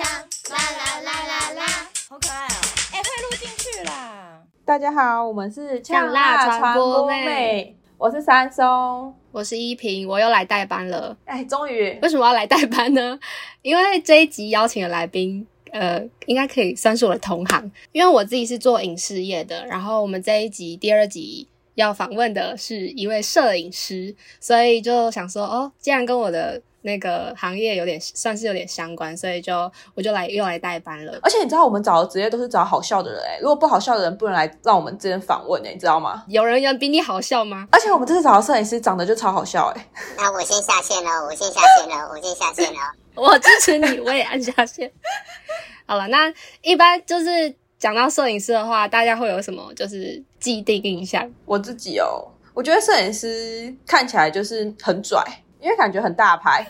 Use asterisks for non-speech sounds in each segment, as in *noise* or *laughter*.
啦啦啦啦啦，好可愛哦、喔！哎、欸，可以錄進去啦！大家好，我們是嗆辣傳播妹，我是珊菘，我是依蘋，我又來代班了。哎，終於！為什麼要來代班呢？因為這一集邀請的來賓，呃，應該可以算是我的同行，因為我自己是做影視業的。然後我們這一集第二集要訪問的是一位攝影師，所以就想說，哦，既然跟我的那個行業有點算是有點相關，所以就我就來又來代班了。而且你知道我們找的職業都是找好笑的人誒、欸、如果不好笑的人不能來讓我們這邊訪問誒、欸、你知道嗎？有人人比你好笑嗎？而且我們這次找的攝影師長得就超好笑誒、欸、那我先下線了，我先下線了，我先下線啊！我支持你，我也按下線。 *laughs* 好了，那一般就是講到攝影師的話，大家會有什麼就是既定印象？我自己哦，我覺得攝影師看起來就是很拽。因為感覺很大牌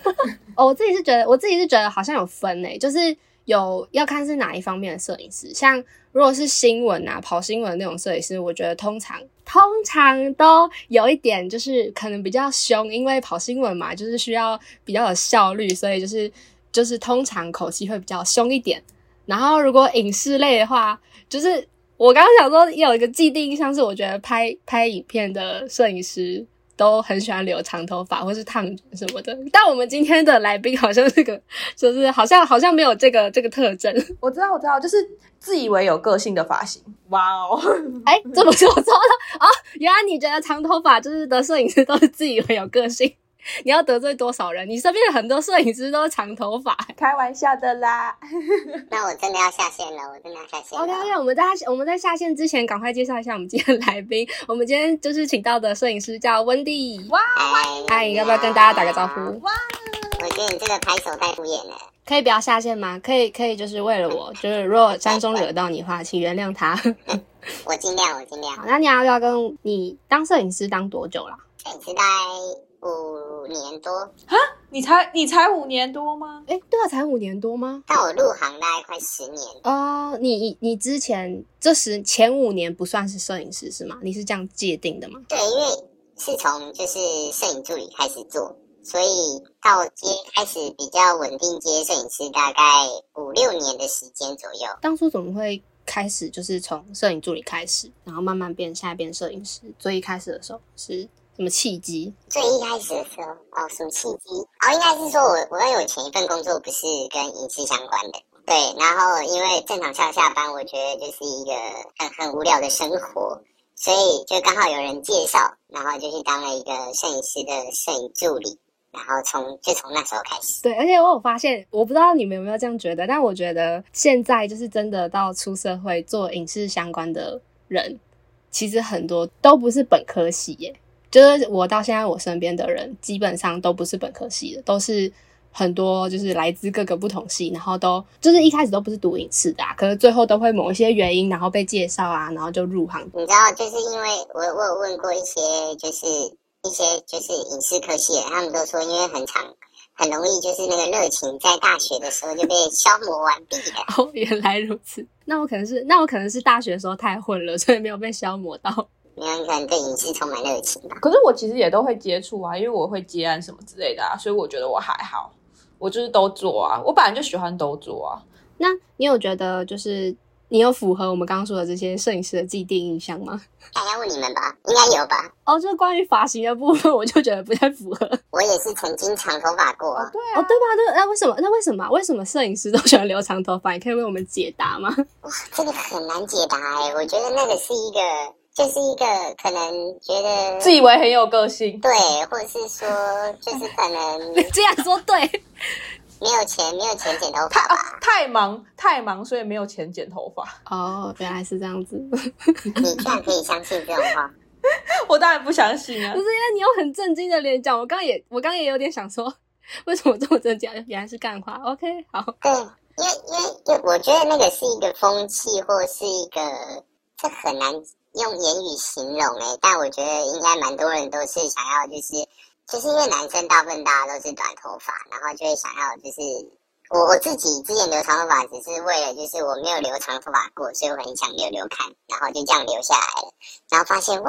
哦，我自己是覺得，我自己是覺得好像有分誒、欸，就是有要看是哪一方面的攝影師。像如果是新聞啊，跑新聞的那種攝影師，我覺得通常通常都有一點，就是可能比較凶，因為跑新聞嘛，就是需要比較有效率，所以就是就是通常口氣會比較凶一點。然後如果影視類的話，就是我剛剛想說，有一個既定印象是，我覺得拍拍影片的攝影師。都很喜歡留長頭髮或是燙什麼的，但我們今天的來賓好像這個就是好像好像沒有這個這個特徵。我知道我知道，就是自以為有個性的髮型。哇哦。欸、哦，哎，這麼說錯了啊！原來你覺得長頭髮就是的攝影師都是自以為有個性。你要得罪多少人？你身邊的很多攝影師都是長頭髮。開玩笑的啦。 *laughs* 那我真的要下線了，我真的要下線了。OK，OK，okay, 我們在我們在下線之前，趕快介紹一下我們今天的來賓。我們今天就是請到的攝影師叫溫蒂。哇，歡迎！嗨，要不要跟大家打個招呼？哇，我覺得你這個拍手太敷衍了。可以不要下線嗎？可以，可以，就是為了我， *laughs* 就是如果珊菘惹到你的話，請原諒他。 *laughs* *laughs* 我盡量，我盡量。好，那你要不要跟你當攝影師當多久啦？攝影師大五年多啊？你才你才五年多嗎？哎，對啊，才五年多嗎？但我入行大概快十年哦。你你之前這十前五年不算是攝影師是嗎？你是這樣界定的嗎？對，因為是從就是攝影助理開始做，所以到接開始比較穩定接攝影師大概五六年的時間左右。當初怎麼會開始，就是從攝影助理開始，然後慢慢變，現在變攝影師？最一開始的時候是。什麼契機？最一開始的時候，哦，什麼契機哦，應該是說我我有前一份工作不是跟影視相關的，對，然後因為正常上下班，我覺得就是一個很很無聊的生活，所以就剛好有人介紹，然後就去當了一個攝影師的攝影助理，然後從就從那時候開始，對，而且我有發現，我不知道你們有沒有這樣覺得，但我覺得現在就是真的到出社會做影視相關的人，其實很多都不是本科系耶。就是我到現在，我身邊的人基本上都不是本科系的，都是很多就是來自各個不同系，然後都就是一開始都不是讀影視的，啊，可是最後都會某一些原因，然後被介紹啊，然後就入行。你知道，就是因為我我有問過一些，就是一些就是影視科系的，他們都說因為很長，很容易就是那個熱情在大學的時候就被消磨完畢了。哦，原來如此。那我可能是，那我可能是大學的時候太混了，所以沒有被消磨到。你能對影視充滿熱情吧？可是我其實也都會接觸啊，因為我會接案什麼之類的啊，所以我覺得我還好，我就是都做啊，我本來就喜歡都做啊。那你有覺得就是你有符合我們剛剛說的這些攝影師的既定印象嗎？大家問你們吧，應該有吧？哦，就是關於髮型的部分，我就覺得不太符合。我也是曾經長頭髮過，哦對、啊、哦，對吧？對。那為什麼？那為什麼？為什麼攝影師都喜歡留長頭髮？你可以為我們解答嗎？哇，這個很難解答哎、欸，我覺得那個是一個。這、就是一個可能覺得自以為很有個性，對，或者是說，就是可能這樣說對， *laughs* 沒有錢，沒有錢剪頭髮、 *laughs* 啊，太忙，太忙，所以沒有錢剪頭髮。哦、oh,，原來是這樣子。 *laughs* 你這樣可以相信這種話？ *laughs* 我當然不相信啊！不是，因為你有很震驚的臉講。我剛也，我剛剛也有點想說，為什麼這麼震驚？原來是幹話。OK，好。對，因為因為因為我覺得那個是一個風氣，或是一個這很難。用言語形容哎、欸，但我覺得應該蠻多人都是想要，就是就是因為男生大部分大家都是短頭髮，然後就會想要就是，我我自己之前留長頭髮，只是為了就是我沒有留長頭髮過，所以我很想留留看，然後就這樣留下來了，然後發現哇，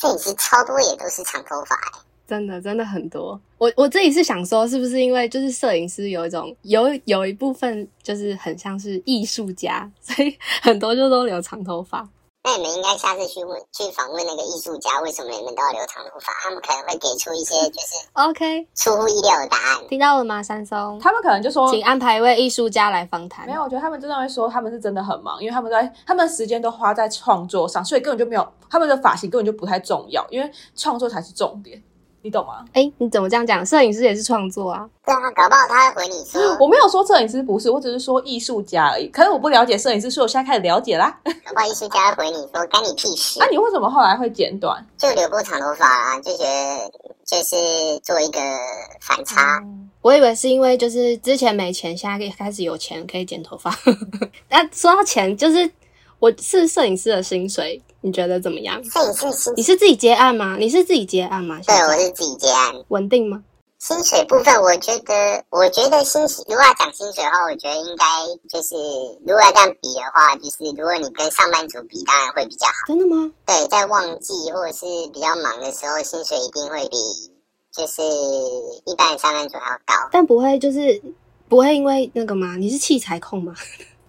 攝影師超多也都是長頭髮哎、欸，真的真的很多。我我自己是想說，是不是因為就是攝影師有一種有有一部分就是很像是藝術家，所以很多就都留長頭髮。那你們應該下次去問去訪問那個藝術家，為什麼你們都要留長頭髮？他們可能會給出一些就是 OK 出乎意料的答案。聽到了嗎，珊菘？他們可能就說，請安排一位藝術家來訪談。沒有，我覺得他們經常會說他們是真的很忙，因為他們在他們的時間都花在創作上，所以根本就沒有他們的髮型根本就不太重要，因為創作才是重點。你懂嗎？哎、欸，你怎麼這樣講？攝影師也是創作啊。對啊，搞不好他會回你說，嗯、我沒有說攝影師不是，我只是說藝術家而已。可是我不了解攝影師，所以我現在開始了解啦。搞不好藝術家會回你說，關你屁事。那、啊、你為什麼後來會剪短？就留過長頭髮啊，就覺得就是做一個反差。我以為是因為就是之前沒錢，現在開始有錢可以剪頭髮。那 *laughs* 說到錢，就是。我是攝影師的薪水，你覺得怎麼樣？攝影師的薪水，你是自己接案嗎？你是自己接案嗎？對，我是自己接案。穩定嗎？薪水部分，我覺得，我覺得薪水如果要講薪水的話，我覺得應該就是，如果要這樣比的話，就是如果你跟上班族比，當然會比較好。真的嗎？對，在旺季或者是比較忙的時候，薪水一定會比就是一般的上班族還要高，但不會就是不會因為那個嗎？你是器材控嗎？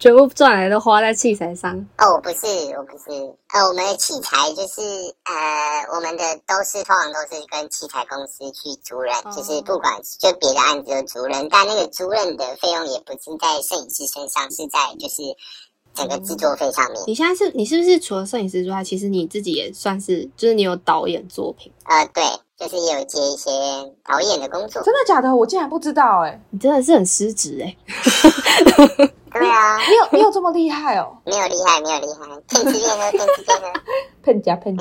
全部賺來都花在器材上哦，oh, 不是，我不是呃，我們的器材就是呃，我們的都是，通常都是跟器材公司去租賃，oh. 就是不管就別的案子的租賃。但那個租賃的費用也不是在攝影師身上，是在就是。整個製作費上面、嗯，你現在是，你是不是除了攝影師之外，其實你自己也算是，就是你有導演作品？呃，對，就是也有接一些導演的工作。真的假的？我竟然不知道、欸，哎，你真的是很失職、欸，哎。 *laughs* 對啊。你，你有你有這麼厲害哦、喔？ *laughs* 沒有厲害，沒有厲害，碰職碰職碰家碰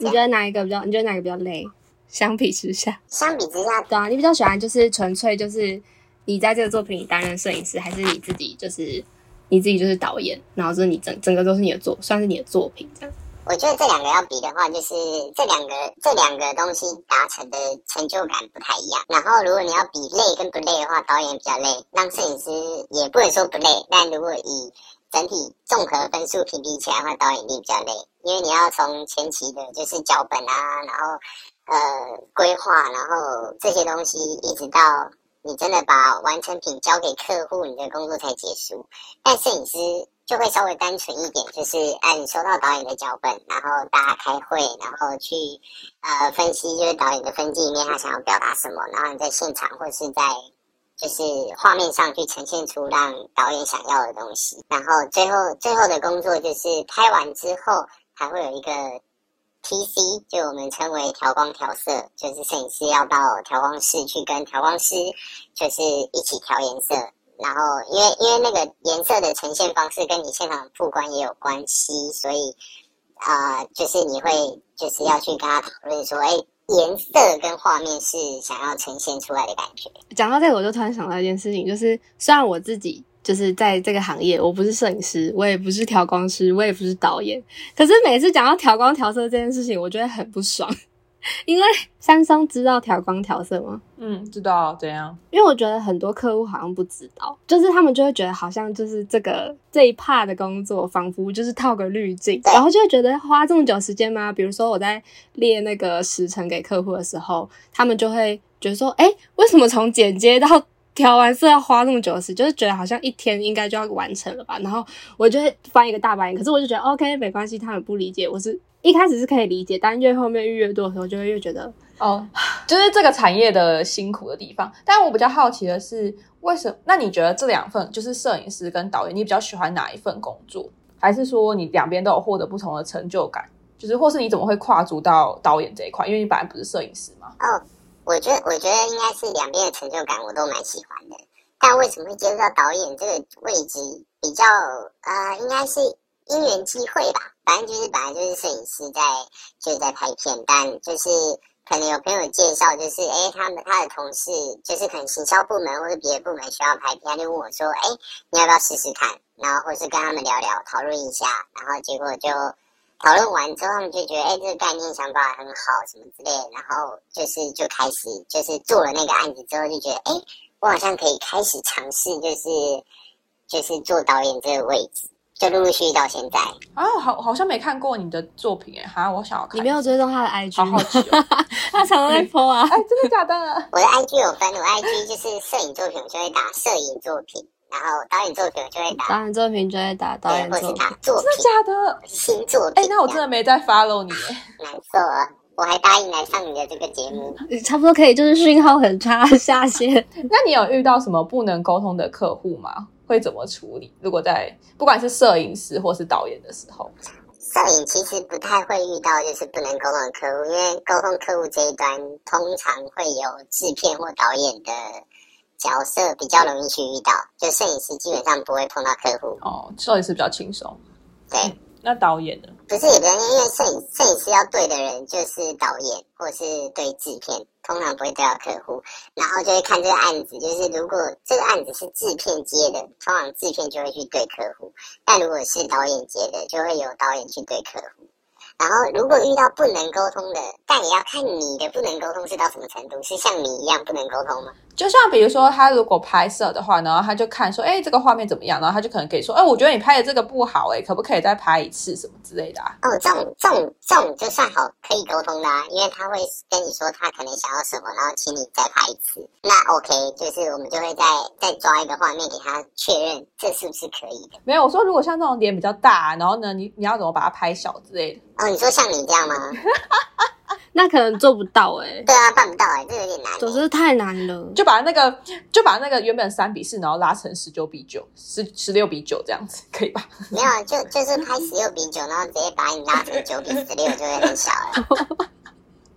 你覺得哪一個比較？你覺得哪一個比較累？相比之下，相比之下，對啊，你比較喜歡就是純粹就是你在這個作品裡擔任攝影師，還是你自己就是？你自己就是導演，然後就是你整整個都是你的作，算是你的作品這樣。我覺得這兩個要比的話，就是這兩個這兩個東西達成的成就感不太一樣。然後如果你要比累跟不累的話，導演比較累，讓攝影師也不能說不累。但如果以整體綜合分數評比起來的話，導演一定比較累，因為你要從前期的就是腳本啊，然後呃規劃，然後這些東西一直到。你真的把完成品交給客戶，你的工作才結束。但攝影師就會稍微單純一點，就是按你收到導演的腳本，然後大家開會，然後去呃分析，就是導演的分鏡裡面他想要表達什麼，然後你在現場或是在就是畫面上去呈現出讓導演想要的東西。然後最後最後的工作就是拍完之後，還會有一個。T C 就我們稱為調光調色，就是攝影師要到調光室去跟調光師，就是一起調顏色。然後因為因為那個顏色的呈現方式跟你現場的曝光也有關係，所以啊、呃，就是你會就是要去跟他討論說，哎、欸，顏色跟畫面是想要呈現出來的感覺。講到這個，我就突然想到一件事情，就是雖然我自己。就是在這個行業，我不是攝影師，我也不是調光師，我也不是導演。可是每次講到調光調色這件事情，我覺得很不爽。因為珊菘知道調光調色嗎？嗯，知道怎樣？因為我覺得很多客戶好像不知道，就是他們就會覺得好像就是這個這一 part 的工作，仿佛就是套個濾鏡，然後就會覺得花這麼久時間嗎？比如說我在列那個時程給客戶的時候，他們就會覺得說，哎、欸，為什麼從剪接到調完色要花那麼久的時間，就是覺得好像一天應該就要完成了吧。然後我就會翻一個大白眼，可是我就覺得 OK，沒關係。他們不理解，我是一開始是可以理解，但越後面越越多的時候，就會越覺得哦，就是這個產業的辛苦的地方。但我比較好奇的是，為什麼？那你覺得這兩份就是攝影師跟導演，你比較喜歡哪一份工作？還是說你兩邊都有獲得不同的成就感？就是，或是你怎麼會跨足到導演這一塊？因為你本來不是攝影師嗎？嗯、哦。我覺得，我覺得應該是兩邊的成就感，我都蠻喜歡的。但為什麼會接觸到導演這個位置，比較呃，應該是因緣際會吧。反正就是本來就是攝影師在就是在拍片，但就是可能有朋友介紹，就是誒、欸，他們他的同事就是可能行銷部門或者別的部門需要拍片，他就問我說，哎，你要不要試試看？然後或是跟他們聊聊，討論一下，然後結果就。討論完之後，他們就覺得，哎、欸，這個概念想法很好，什麼之類的。然後就是就開始，就是做了那個案子之後，就覺得，哎、欸，我好像可以開始嘗試，就是就是做導演這個位置，就陸陸續續到現在。啊，好，好像沒看過你的作品哎，哈，我想要看。你沒有追蹤他的 IG？好好奇、哦， *laughs* 他常被封啊！ *laughs* 哎，真的假的、啊？我的 IG 有分，我 IG 就是攝影作品，我就會打攝影作品。然後導演作品就會打導演作品，就會打導演作品，或是他作品真的假的？新作品、啊欸？那我真的沒再 follow 你、啊。難受啊。我還答應來上你的這個節目。差不多可以，就是訊號很差， *laughs* 下線。 *laughs* 那你有遇到什麼不能溝通的客戶嗎？會怎麼處理？如果在不管是攝影師或是導演的時候，攝影其實不太會遇到就是不能溝通的客戶，因為溝通客戶這一端通常會有制片或導演的。角色比較容易去遇到，就攝影師基本上不會碰到客戶。哦，攝影師比較輕鬆。對、嗯，那導演呢？不是，也不用，因為攝影攝影師要對的人就是導演，或是對製片，通常不會對到客戶。然後就會看這個案子，就是如果這個案子是製片接的，通常製片就會去對客戶；但如果是導演接的，就會由導演去對客戶。然後，如果遇到不能溝通的，但也要看你的不能溝通是到什麼程度，是像你一樣不能溝通嗎？就像比如說，他如果拍攝的話，然後他就看說，哎、欸，這個畫面怎麼樣？然後他就可能可以說，哎、欸，我覺得你拍的這個不好、欸，哎，可不可以再拍一次，什麼之類的啊？哦，這種、這種、這種就算好，可以溝通的、啊，因為他會跟你說他可能想要什麼，然後請你再拍一次。那 OK，就是我們就會再再抓一個畫面給他確認，這是不是可以的？沒有，我說如果像這種臉比較大、啊，然後呢，你你要怎麼把它拍小之類的？哦，你說像你這樣嗎？ *laughs* 那可能做不到哎、欸。對啊，辦不到哎、欸，這有點難、欸。總之太難了，就把那個就把那個原本三比四，然後拉成十九比九，十十六比九這樣子，可以吧？ *laughs* 沒有，就就是拍十六比九，然後直接把你拉成九比十六，就會很小哎、欸。 *laughs*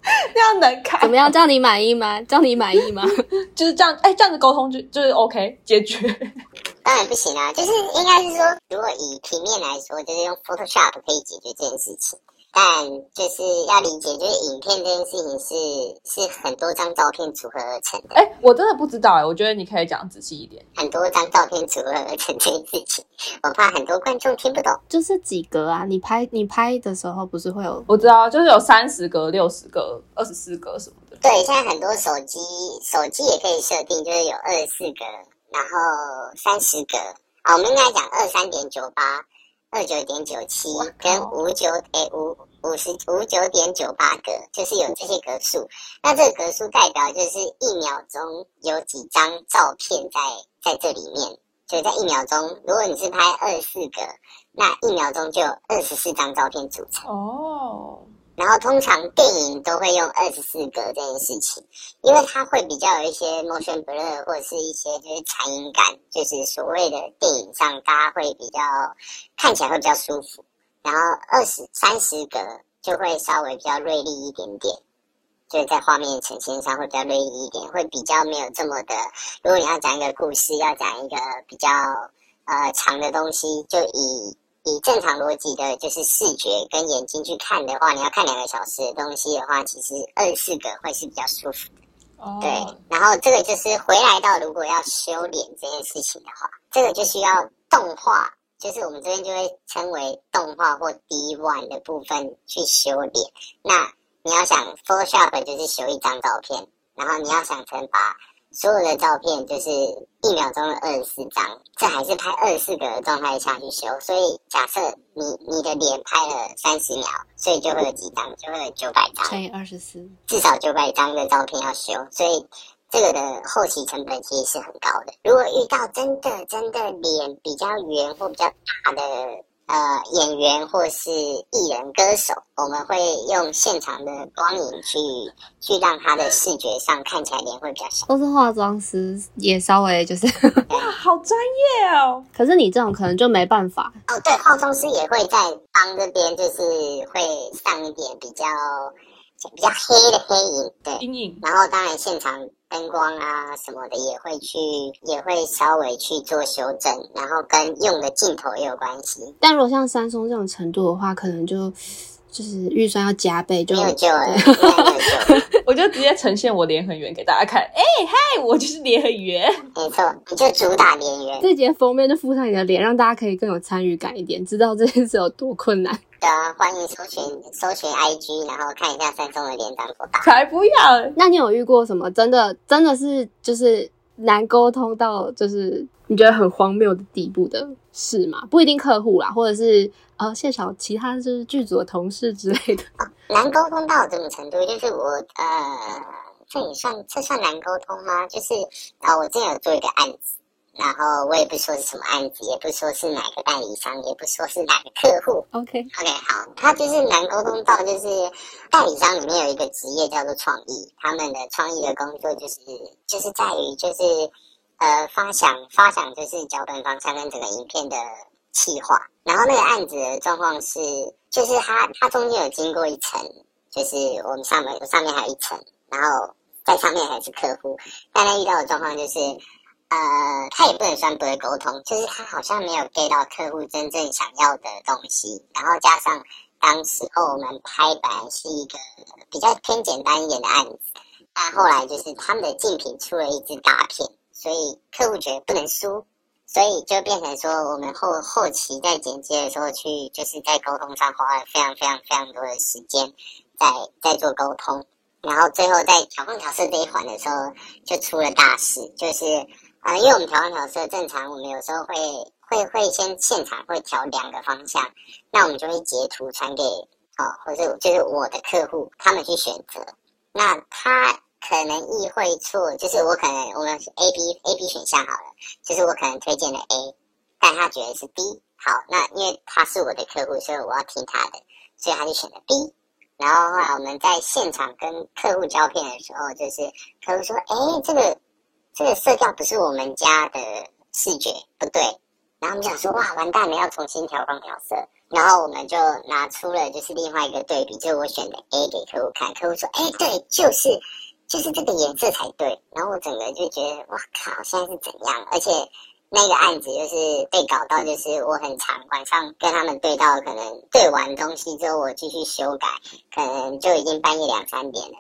*laughs* 這樣能看怎麼樣？這樣你滿意嗎？這樣你滿意嗎？ *laughs* 就是這樣，哎、欸，這樣子溝通就就是 OK 解決。當然不行啊。就是應該是說，如果以平面來說，就是用 Photoshop 可以解決這件事情。但就是要理解，就是影片這件事情是是很多張照片組合而成的。哎、欸，我真的不知道，哎、欸，我覺得你可以講仔細一點。很多張照片組合而成這件事情，我怕很多觀眾聽不懂。就是幾格啊？你拍你拍的時候不是會有？我知道，就是有三十格、六十格、二十四格什麼的。對，現在很多手機手機也可以設定，就是有二十四格，然後三十格啊、哦。我們應該講二三點九八。二九點九七跟五九誒五五十五九點九八格，就是有這些格數。那這個格數代表就是一秒鐘有幾張照片在在這裡面，就在一秒鐘。如果你是拍二十四格，那一秒鐘就有二十四張照片組成。哦。然後通常電影都會用二十四格這件事情，因為它會比較有一些 motion blur 或者是一些就是殘影感，就是所謂的電影上大家會比較看起來會比較舒服。然後二十三十格就會稍微比較銳利一點點，就是在畫面呈現上會比較銳利一點，會比較沒有這麼的。如果你要講一個故事，要講一個比較呃長的東西，就以。以正常邏輯的，就是視覺跟眼睛去看的話，你要看兩個小時的東西的話，其實二十四個會是比較舒服的，oh. 對，然後這個就是回來到如果要修臉這件事情的話，這個就需要動畫，就是我們這邊就會稱為動畫或 D one 的部分去修臉。那你要想 Photoshop 就是修一張照片，然後你要想成把所有的照片，就是一秒鐘的二十四張，這還是拍二十四格的狀態下去修，所以假設你你的臉拍了三十秒，所以就會有幾張，就會有九百張乘以二十四，至少九百張的照片要修，所以這個的後期成本其實是很高的。如果遇到真的真的臉比較圓或比較大的。呃，演員或是藝人、歌手，我們會用現場的光影去去讓他的視覺上看起來臉會比較小，或是化妝師也稍微就是，哇，好專業哦！可是你這種可能就沒辦法哦。對，化妝師也會在幫這邊就是會上一點比較比較黑的黑影，對，陰影。然後當然現場。燈光啊什麼的也會去，也會稍微去做修正，然後跟用的鏡頭也有關係。但如果像珊菘這種程度的話，可能就就是預算要加倍就，就 *laughs* 我就直接呈現我臉很圓給大家看。哎 *laughs* 嗨、欸， *laughs* 我就是臉很圓，沒錯，你就主打臉圓。這節封面就附上你的臉，讓大家可以更有參與感一點，知道這件事有多困難。對啊，歡迎搜尋搜尋 IG，然後看一下珊菘的連長多大。才不要！那你有遇過什麼真的真的是就是難溝通到就是你覺得很荒謬的地步的事嗎？嗯、不一定客戶啦，或者是呃現場其他就是劇組的同事之類的。哦、難溝通到這種程度，就是我呃，這也算這算難溝通嗎？就是啊、哦，我最近有做一個案子。然後我也不說是什麼案子，也不說是哪個代理商，也不說是哪個客戶。OK，OK，、okay. okay, 好，他就是難溝通到，就是代理商裡面有一個職業叫做創意，他們的創意的工作就是就是在於就是呃發想發想就是腳本方向跟整個影片的企劃。然後那個案子的狀況是，就是他他中間有經過一層，就是我們上面上面還有一層，然後在上面還是客戶。大家遇到的狀況就是。呃，他也不能算不會溝通，就是他好像沒有 get 到客戶真正想要的東西。然後加上當時候我們拍本來是一個比較偏簡單一點的案子，但後來就是他們的競品出了一支大片，所以客戶覺得不能輸，所以就變成說我們後後期在剪接的時候去，就是在溝通上花了非常非常非常多的時間，在在做溝通，然後最後在調光調色這一環的時候就出了大事，就是。啊、呃，因為我們調光調色正常，我們有時候會會會先現場會調兩個方向，那我們就會截圖傳給哦，或者就是我的客戶他們去選擇。那他可能意會錯，就是我可能我們 A B A B 選項好了，就是我可能推薦了 A，但他覺得是 B。好，那因為他是我的客戶，所以我要聽他的，所以他就選了 B。然後後來我們在現場跟客戶交片的時候，就是客戶說：“哎，這個。”這個色調不是我們家的視覺，不對，然後我們想說，哇完蛋了，要重新調光調色，然後我們就拿出了就是另外一個對比，就是我選的 A 給客戶看，客戶說哎、欸、對，就是就是這個顏色才對，然後我整個就覺得哇靠，現在是怎樣？而且那個案子就是被搞到就是我很慘，晚上跟他們對到可能對完東西之後我繼續修改，可能就已經半夜兩三點了。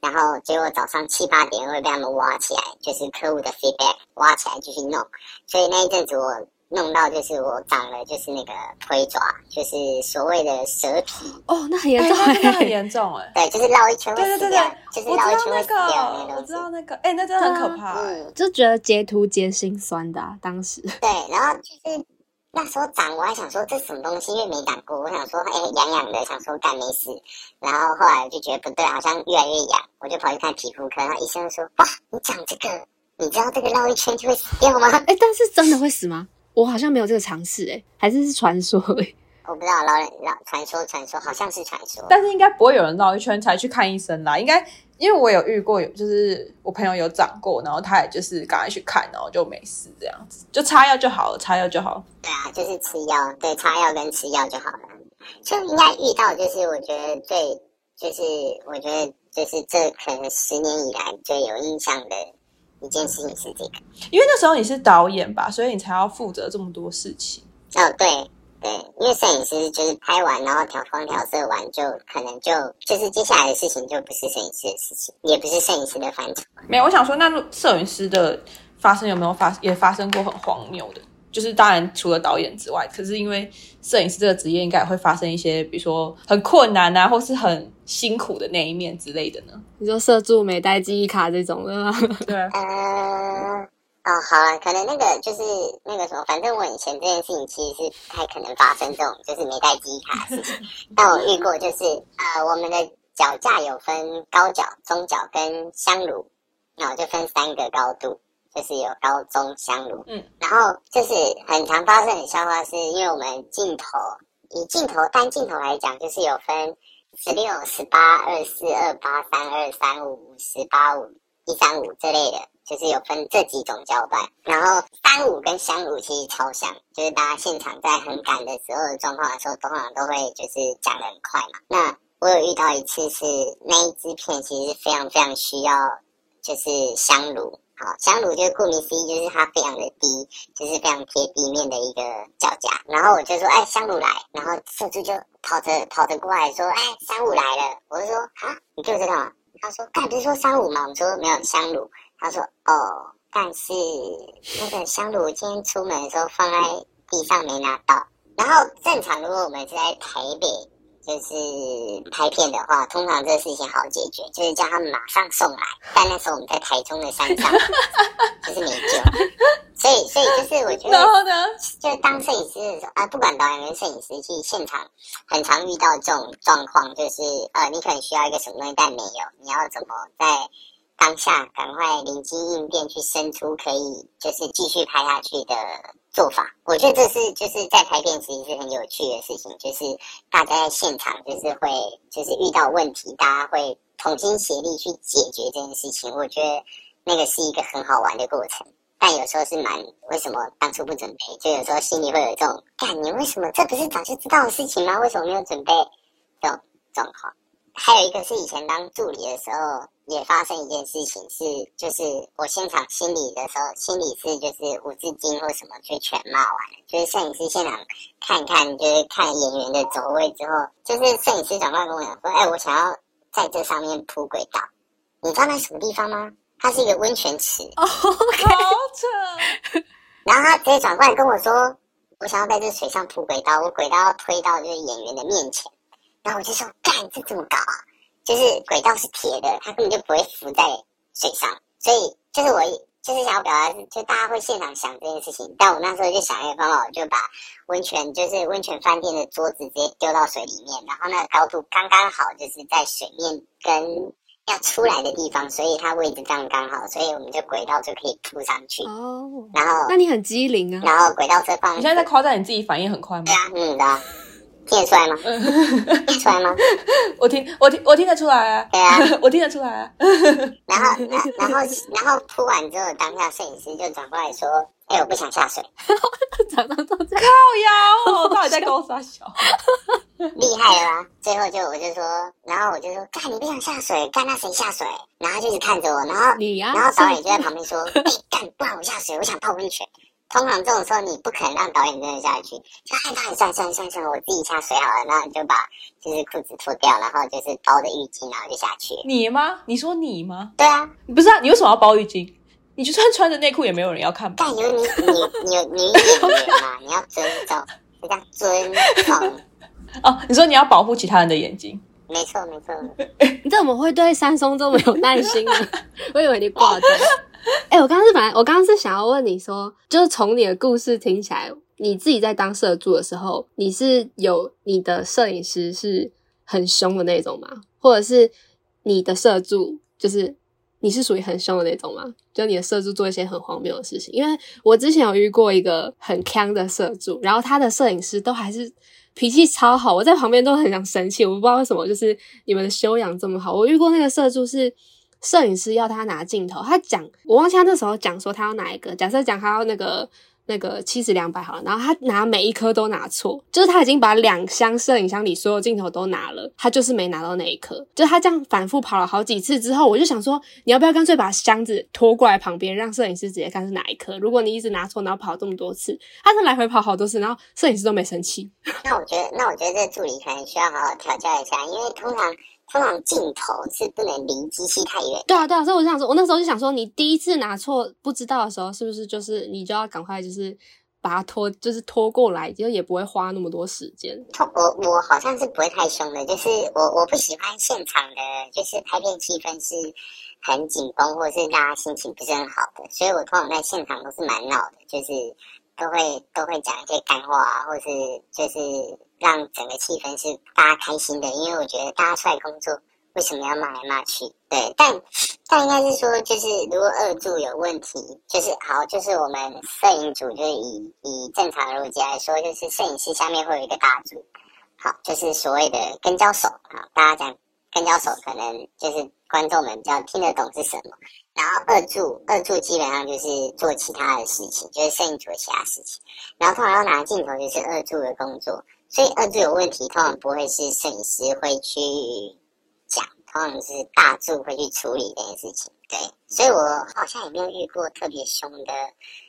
然後，結果早上七八點會被他們挖起來，就是客戶的 feedback 挖起來繼續弄。所以那一陣子我弄到就是我長了就是那個龜爪，就是所謂的蛇皮。哦，那很嚴重、欸欸，那個、很嚴重哎、欸。對，就是繞一圈會死掉。對對對對，就是繞一圈會死掉那。我知道那個，我知道那個，哎、欸，那真的很可怕、嗯、就覺得截圖截心酸的、啊，當時。 *laughs* 對，然後就是。那時候長我還想說這什麼東西，因為沒長過，我想說哎癢癢的，想說干沒事，然後後來就覺得不對，好像越來越癢，我就跑去看皮膚科，然後醫生說哇你長這個，你知道這個繞一圈就會死掉嗎？哎、欸，但是真的會死嗎？我好像沒有這個嘗試哎，還是是傳說、欸。我不知道，老老傳說傳說好像是傳說，但是應該不會有人繞一圈才去看醫生啦。應該因為我有遇過，有就是我朋友有長過，然後他也就是趕快去看，然後就沒事這樣子，就擦藥就好了，擦藥就好。對啊，就是吃藥，對，擦藥跟吃藥就好了。就應該遇到，就是我覺得最，就是我覺得就是這可能十年以來最有印象的一件事情是這個，因為那時候你是導演吧，所以你才要負責這麼多事情。哦，對。對，因為攝影師就是拍完，然後調光調色完就，就可能就就是接下來的事情就不是攝影師的事情，也不是攝影師的範疇。沒有，我想說，那攝影師的發生有沒有發也發生過很荒謬的？就是當然除了導演之外，可是因為攝影師這個職業應該也會發生一些，比如說很困難啊，或是很辛苦的那一面之類的呢？你說攝助沒帶記憶卡這種的嗎？ *laughs* 對。嗯哦，好了、啊，可能那個就是那個什麼，反正我以前這件事情其實是不太可能發生這種， *laughs* 就是沒帶記憶卡的事情。 *laughs* 但我遇過就是，呃，我們的腳架有分高腳、中腳跟香爐，那我就分三個高度，就是有高中香爐。嗯。然後就是很常發生的笑話，是因為我們鏡頭以鏡頭單鏡頭來講，就是有分十六、十八、二四、二八、三二、三五、五十八、五。一三五這類的，就是有分這幾種叫法。然後三五跟香爐其實超像，就是大家現場在很趕的時候的狀況的時候，通常都會就是講的很快嘛。那我有遇到一次是那一支片，其實是非常非常需要就是香爐。好，香爐就是顧名思義，就是它非常的低，就是非常貼地面的一個腳架。然後我就說：“哎、欸，香爐來！”然後蜘蛛就跑着跑着過來說：“哎、欸，三五來了。”我就說：“啊，你就這個嘛。”他說：“但不是說三五嘛，我們說沒有香爐。”他說：“哦，但是那個香爐今天出門的時候放在地上沒拿到。然後正常，如果我們是在台北。”就是拍片的話，通常這個事情好解決，就是叫他們馬上送來。但那時候我們在台中的山上， *laughs* 就是沒救。所以，所以就是我覺得，就當攝影師的時候啊，不管導演跟攝影師，其實現場很常遇到這種狀況，就是呃，你可能需要一個什麼東西，但沒有，你要怎麼在當下趕快靈機應變去生出可以，就是繼續拍下去的。做法，我覺得這是就是在拍片其實是很有趣的事情，就是大家在現場就是會就是遇到問題，大家會同心協力去解決這件事情。我覺得那個是一個很好玩的過程，但有時候是蠻為什麼當初不準備，就有時候心裡會有這種，幹，你為什麼這不是早就知道的事情嗎？為什麼沒有準備這種狀況？還有一個是以前當助理的時候，也發生一件事情，是就是我現場心裡的時候，心裡是就是五字經或什麼就全罵完了。就是攝影師現場看看，就是看演員的走位之後，就是攝影師轉過來跟我說：“哎，我想要在這上面鋪軌道，你知道那什麼地方嗎？它是一個溫泉池、哦。” OK，好蠢。然後他直接轉過來跟我說：“我想要在這水上鋪軌道，我軌道要推到就是演員的面前。”然後我就說，幹，這怎麼搞啊？就是軌道是鐵的，它根本就不會浮在水上，所以就是我就是想要表達，就是、大家會現場想這件事情。但我那時候就想一個方法，我就把溫泉就是溫泉飯店的桌子直接丟到水裡面，然後那個高度剛剛好，就是在水面跟要出來的地方，所以它位置這樣剛好，所以我們就軌道就可以鋪上去。哦，然後那你很機靈啊。然後軌道車放，你現在在誇讚你自己反應很快嗎？對啊，嗯的。聽出來嗎？ *laughs* 聽出來嗎？我聽，我聽，我聽得出來啊！對啊， *laughs* 我聽得出來啊 *laughs* 然！然後，然後，然後，鋪完之後，當下攝影師就轉過來說：“哎、欸，我不想下水。”然後就轉到這樣。靠呀！哦，到底在搞啥小？厲害了吧、啊？最後就我就說，然後我就說：“幹，你不想下水？幹，那誰下水？”然後就是看着我，然後你呀、啊？然後導演就在旁邊說：“哎、 *laughs* 欸，幹，不好下水，我想泡溫泉。”通常這種時候，你不可能讓導演真的下去，說哎，導演上上上上，我自己下水好了，那就把就是褲子脫掉，然後就是包着浴巾，然後就下去。你嗎？你說你嗎？對啊，不是啊，你為什麼要包浴巾？你就算穿着內褲也沒有人要看吧。但有你，你你你你，你，一點點 *laughs* 你要尊重，你要尊重。 *laughs* 哦，你說你要保護其他人的眼睛？沒錯沒錯、欸。你怎麼會對三松這麼有耐心呢？ *laughs* 我以為你掛掉。誒、欸，我剛剛是本來，我剛剛是想要問你說，就是從你的故事聽起來，你自己在當攝助的時候，你是有你的攝影師是很凶的那種嗎？或者是你的攝助就是你是屬於很凶的那種嗎？就你的攝助做一些很荒謬的事情？因為我之前有遇過一個很鏘的攝助，然後他的攝影師都還是脾氣超好，我在旁邊都很想生氣，我不知道為什麼，就是你們的修養這麼好。我遇過那個攝助是。攝影師要他拿鏡頭，他講，我忘記他那時候講說他要哪一個。假設講他要那個那個七十兩百好了，然後他拿每一顆都拿錯，就是他已經把兩箱攝影箱裡所有鏡頭都拿了，他就是沒拿到那一顆。就是他這樣反覆跑了好幾次之後，我就想說，你要不要乾脆把箱子拖過來旁邊，讓攝影師直接看是哪一顆？如果你一直拿錯，然後跑了這麼多次，他是來回跑好多次，然後攝影師都沒生氣。那我覺得，那我覺得這個助理可能需要好好調教一下，因為通常。通常鏡頭是不能離機器太遠。對啊，對啊，所以我想說，我那時候就想說，你第一次拿錯不知道的時候，是不是就是你就要趕快就是把它拖，就是拖過來，其實也不會花那麼多時間。拖我我好像是不會太兇的，就是我我不喜歡現場的，就是拍片氣氛是很緊繃，或是讓大家心情不是很好的，所以我通常在現場都是蠻鬧的，就是都會都會講一些幹話啊，或是就是。讓整個氣氛是大家開心的，因為我覺得大家出來工作，為什麼要罵來罵去？對，但但應該是說，就是如果二助有問題，就是好，就是我們攝影組就是以以正常邏輯來說，就是攝影師下面會有一個大助，好，就是所謂的跟焦手啊，大家講跟焦手可能就是觀眾們比較聽得懂是什麼。然後二助，二助基本上就是做其他的事情，就是攝影組的其他事情。然後通常要拿鏡頭就是二助的工作。所以，二度有問題，通常不會是攝影師會去講，通常是大助會去處理這件事情。對，所以我好像也沒有遇過特別凶的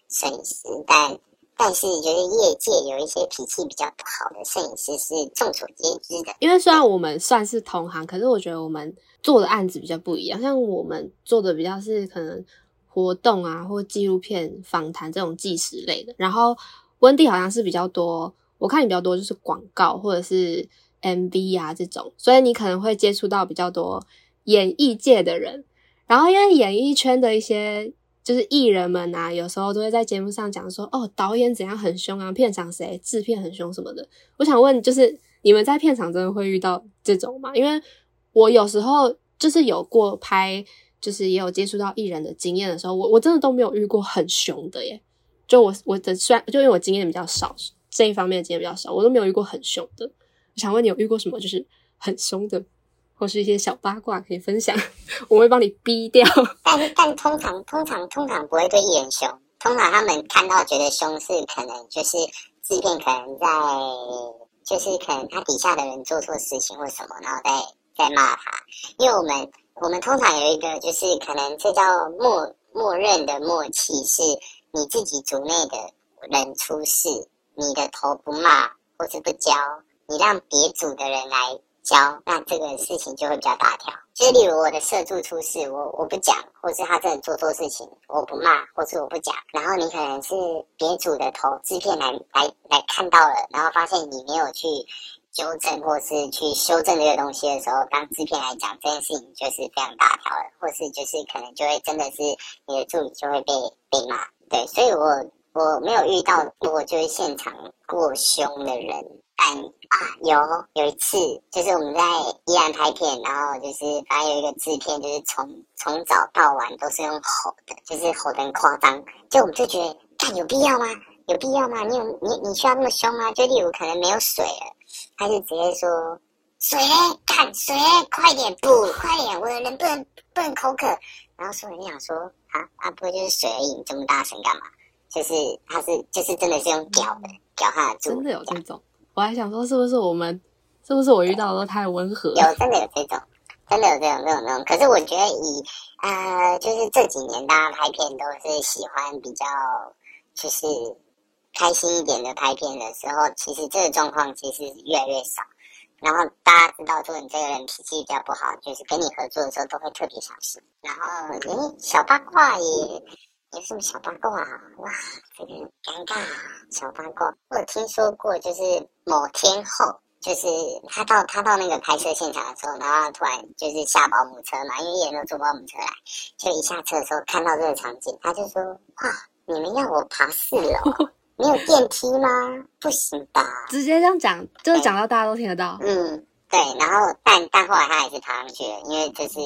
攝影師，但但是就是業界有一些脾氣比較不好的攝影師是眾所皆知的。因為雖然我們算是同行，可是我覺得我們做的案子比較不一樣，像我們做的比較是可能活動啊或紀錄片、訪談這種紀實類的。然後溫蒂好像是比較多。我看你比較多就是廣告，或者是 MV 啊，這種，所以你可能會接觸到比較多演藝界的人。然後因為演藝圈的一些就是藝人們啊，有時候都會在節目上講說，哦，導演怎樣很凶啊，片場誰制片很凶什麼的。我想問，就是你們在片場真的會遇到這種嗎？因為我有時候就是有過拍，就是也有接觸到藝人的經驗的時候，我我真的都沒有遇過很凶的耶。就我我的雖然就因為我經驗比較少。這一方面的經驗比較少，我都沒有遇過很凶的。我想問你，有遇過什麼就是很凶的，或是一些小八卦可以分享？我會幫你嗶掉。 *laughs* 但但通常通常通常不會對藝人凶，通常他們看到覺得凶是可能就是制片可能在，就是可能他底下的人做錯事情或什麼，然後在在罵他。因為我們我們通常有一個就是可能這叫默默認的默契，是你自己組內的人出事。你的頭不罵，或是不教，你讓別組的人來教，那這個事情就會比較大條。其實例如我的攝助出事，我我不講，或是他真的做錯事情，我不罵，或是我不講，然後你可能是別組的頭制片來來來看到了，然後發現你沒有去糾正或是去修正這個東西的時候，當制片來講這件事情就是非常大條了，或是就是可能就會真的是你的助理就會被被罵。對，所以我。我沒有遇到過就是現場過兇的人，但啊有有一次就是我們在依然拍片，然後就是發現有一個制片就是從從早到晚都是用吼的，就是吼得很誇張，就我們就覺得幹有必要嗎？有必要嗎？你有你你需要那麼兇嗎？就例如可能沒有水了，他就直接說水乾水快點補快點，我的人不能不能口渴，然後所有人想說啊啊，不會就是水而已，你這麼大聲幹嘛？就是他是就是真的是用屌的屌他的助理，嗯，真的有這種這，我還想說是不是我們是不是我遇到的太溫和了，有真的有這種，真的有這種這種這種。可是我覺得以呃，就是這幾年大家拍片都是喜歡比較就是開心一點的拍片的時候，其實這個狀況其實越來越少。然後大家知道說你這個人脾氣比較不好，就是跟你合作的時候都會特別小心。然後連、欸、小八卦也。嗯有什麼小八卦？啊？哇，這個尷尬，啊，小八卦。我有聽說過，就是某天後，就是他到他到那個拍攝現場的時候，然後突然就是下保姆車嘛，因為一人都坐保姆車來，就一下車的時候看到這個場景，他就說：哇，你們要我爬四樓？沒有電梯嗎？ *laughs* 不行吧？直接這樣講，就是講到大家都聽得到。哎、嗯。對，然後但但後來他也是爬上去了，因為這是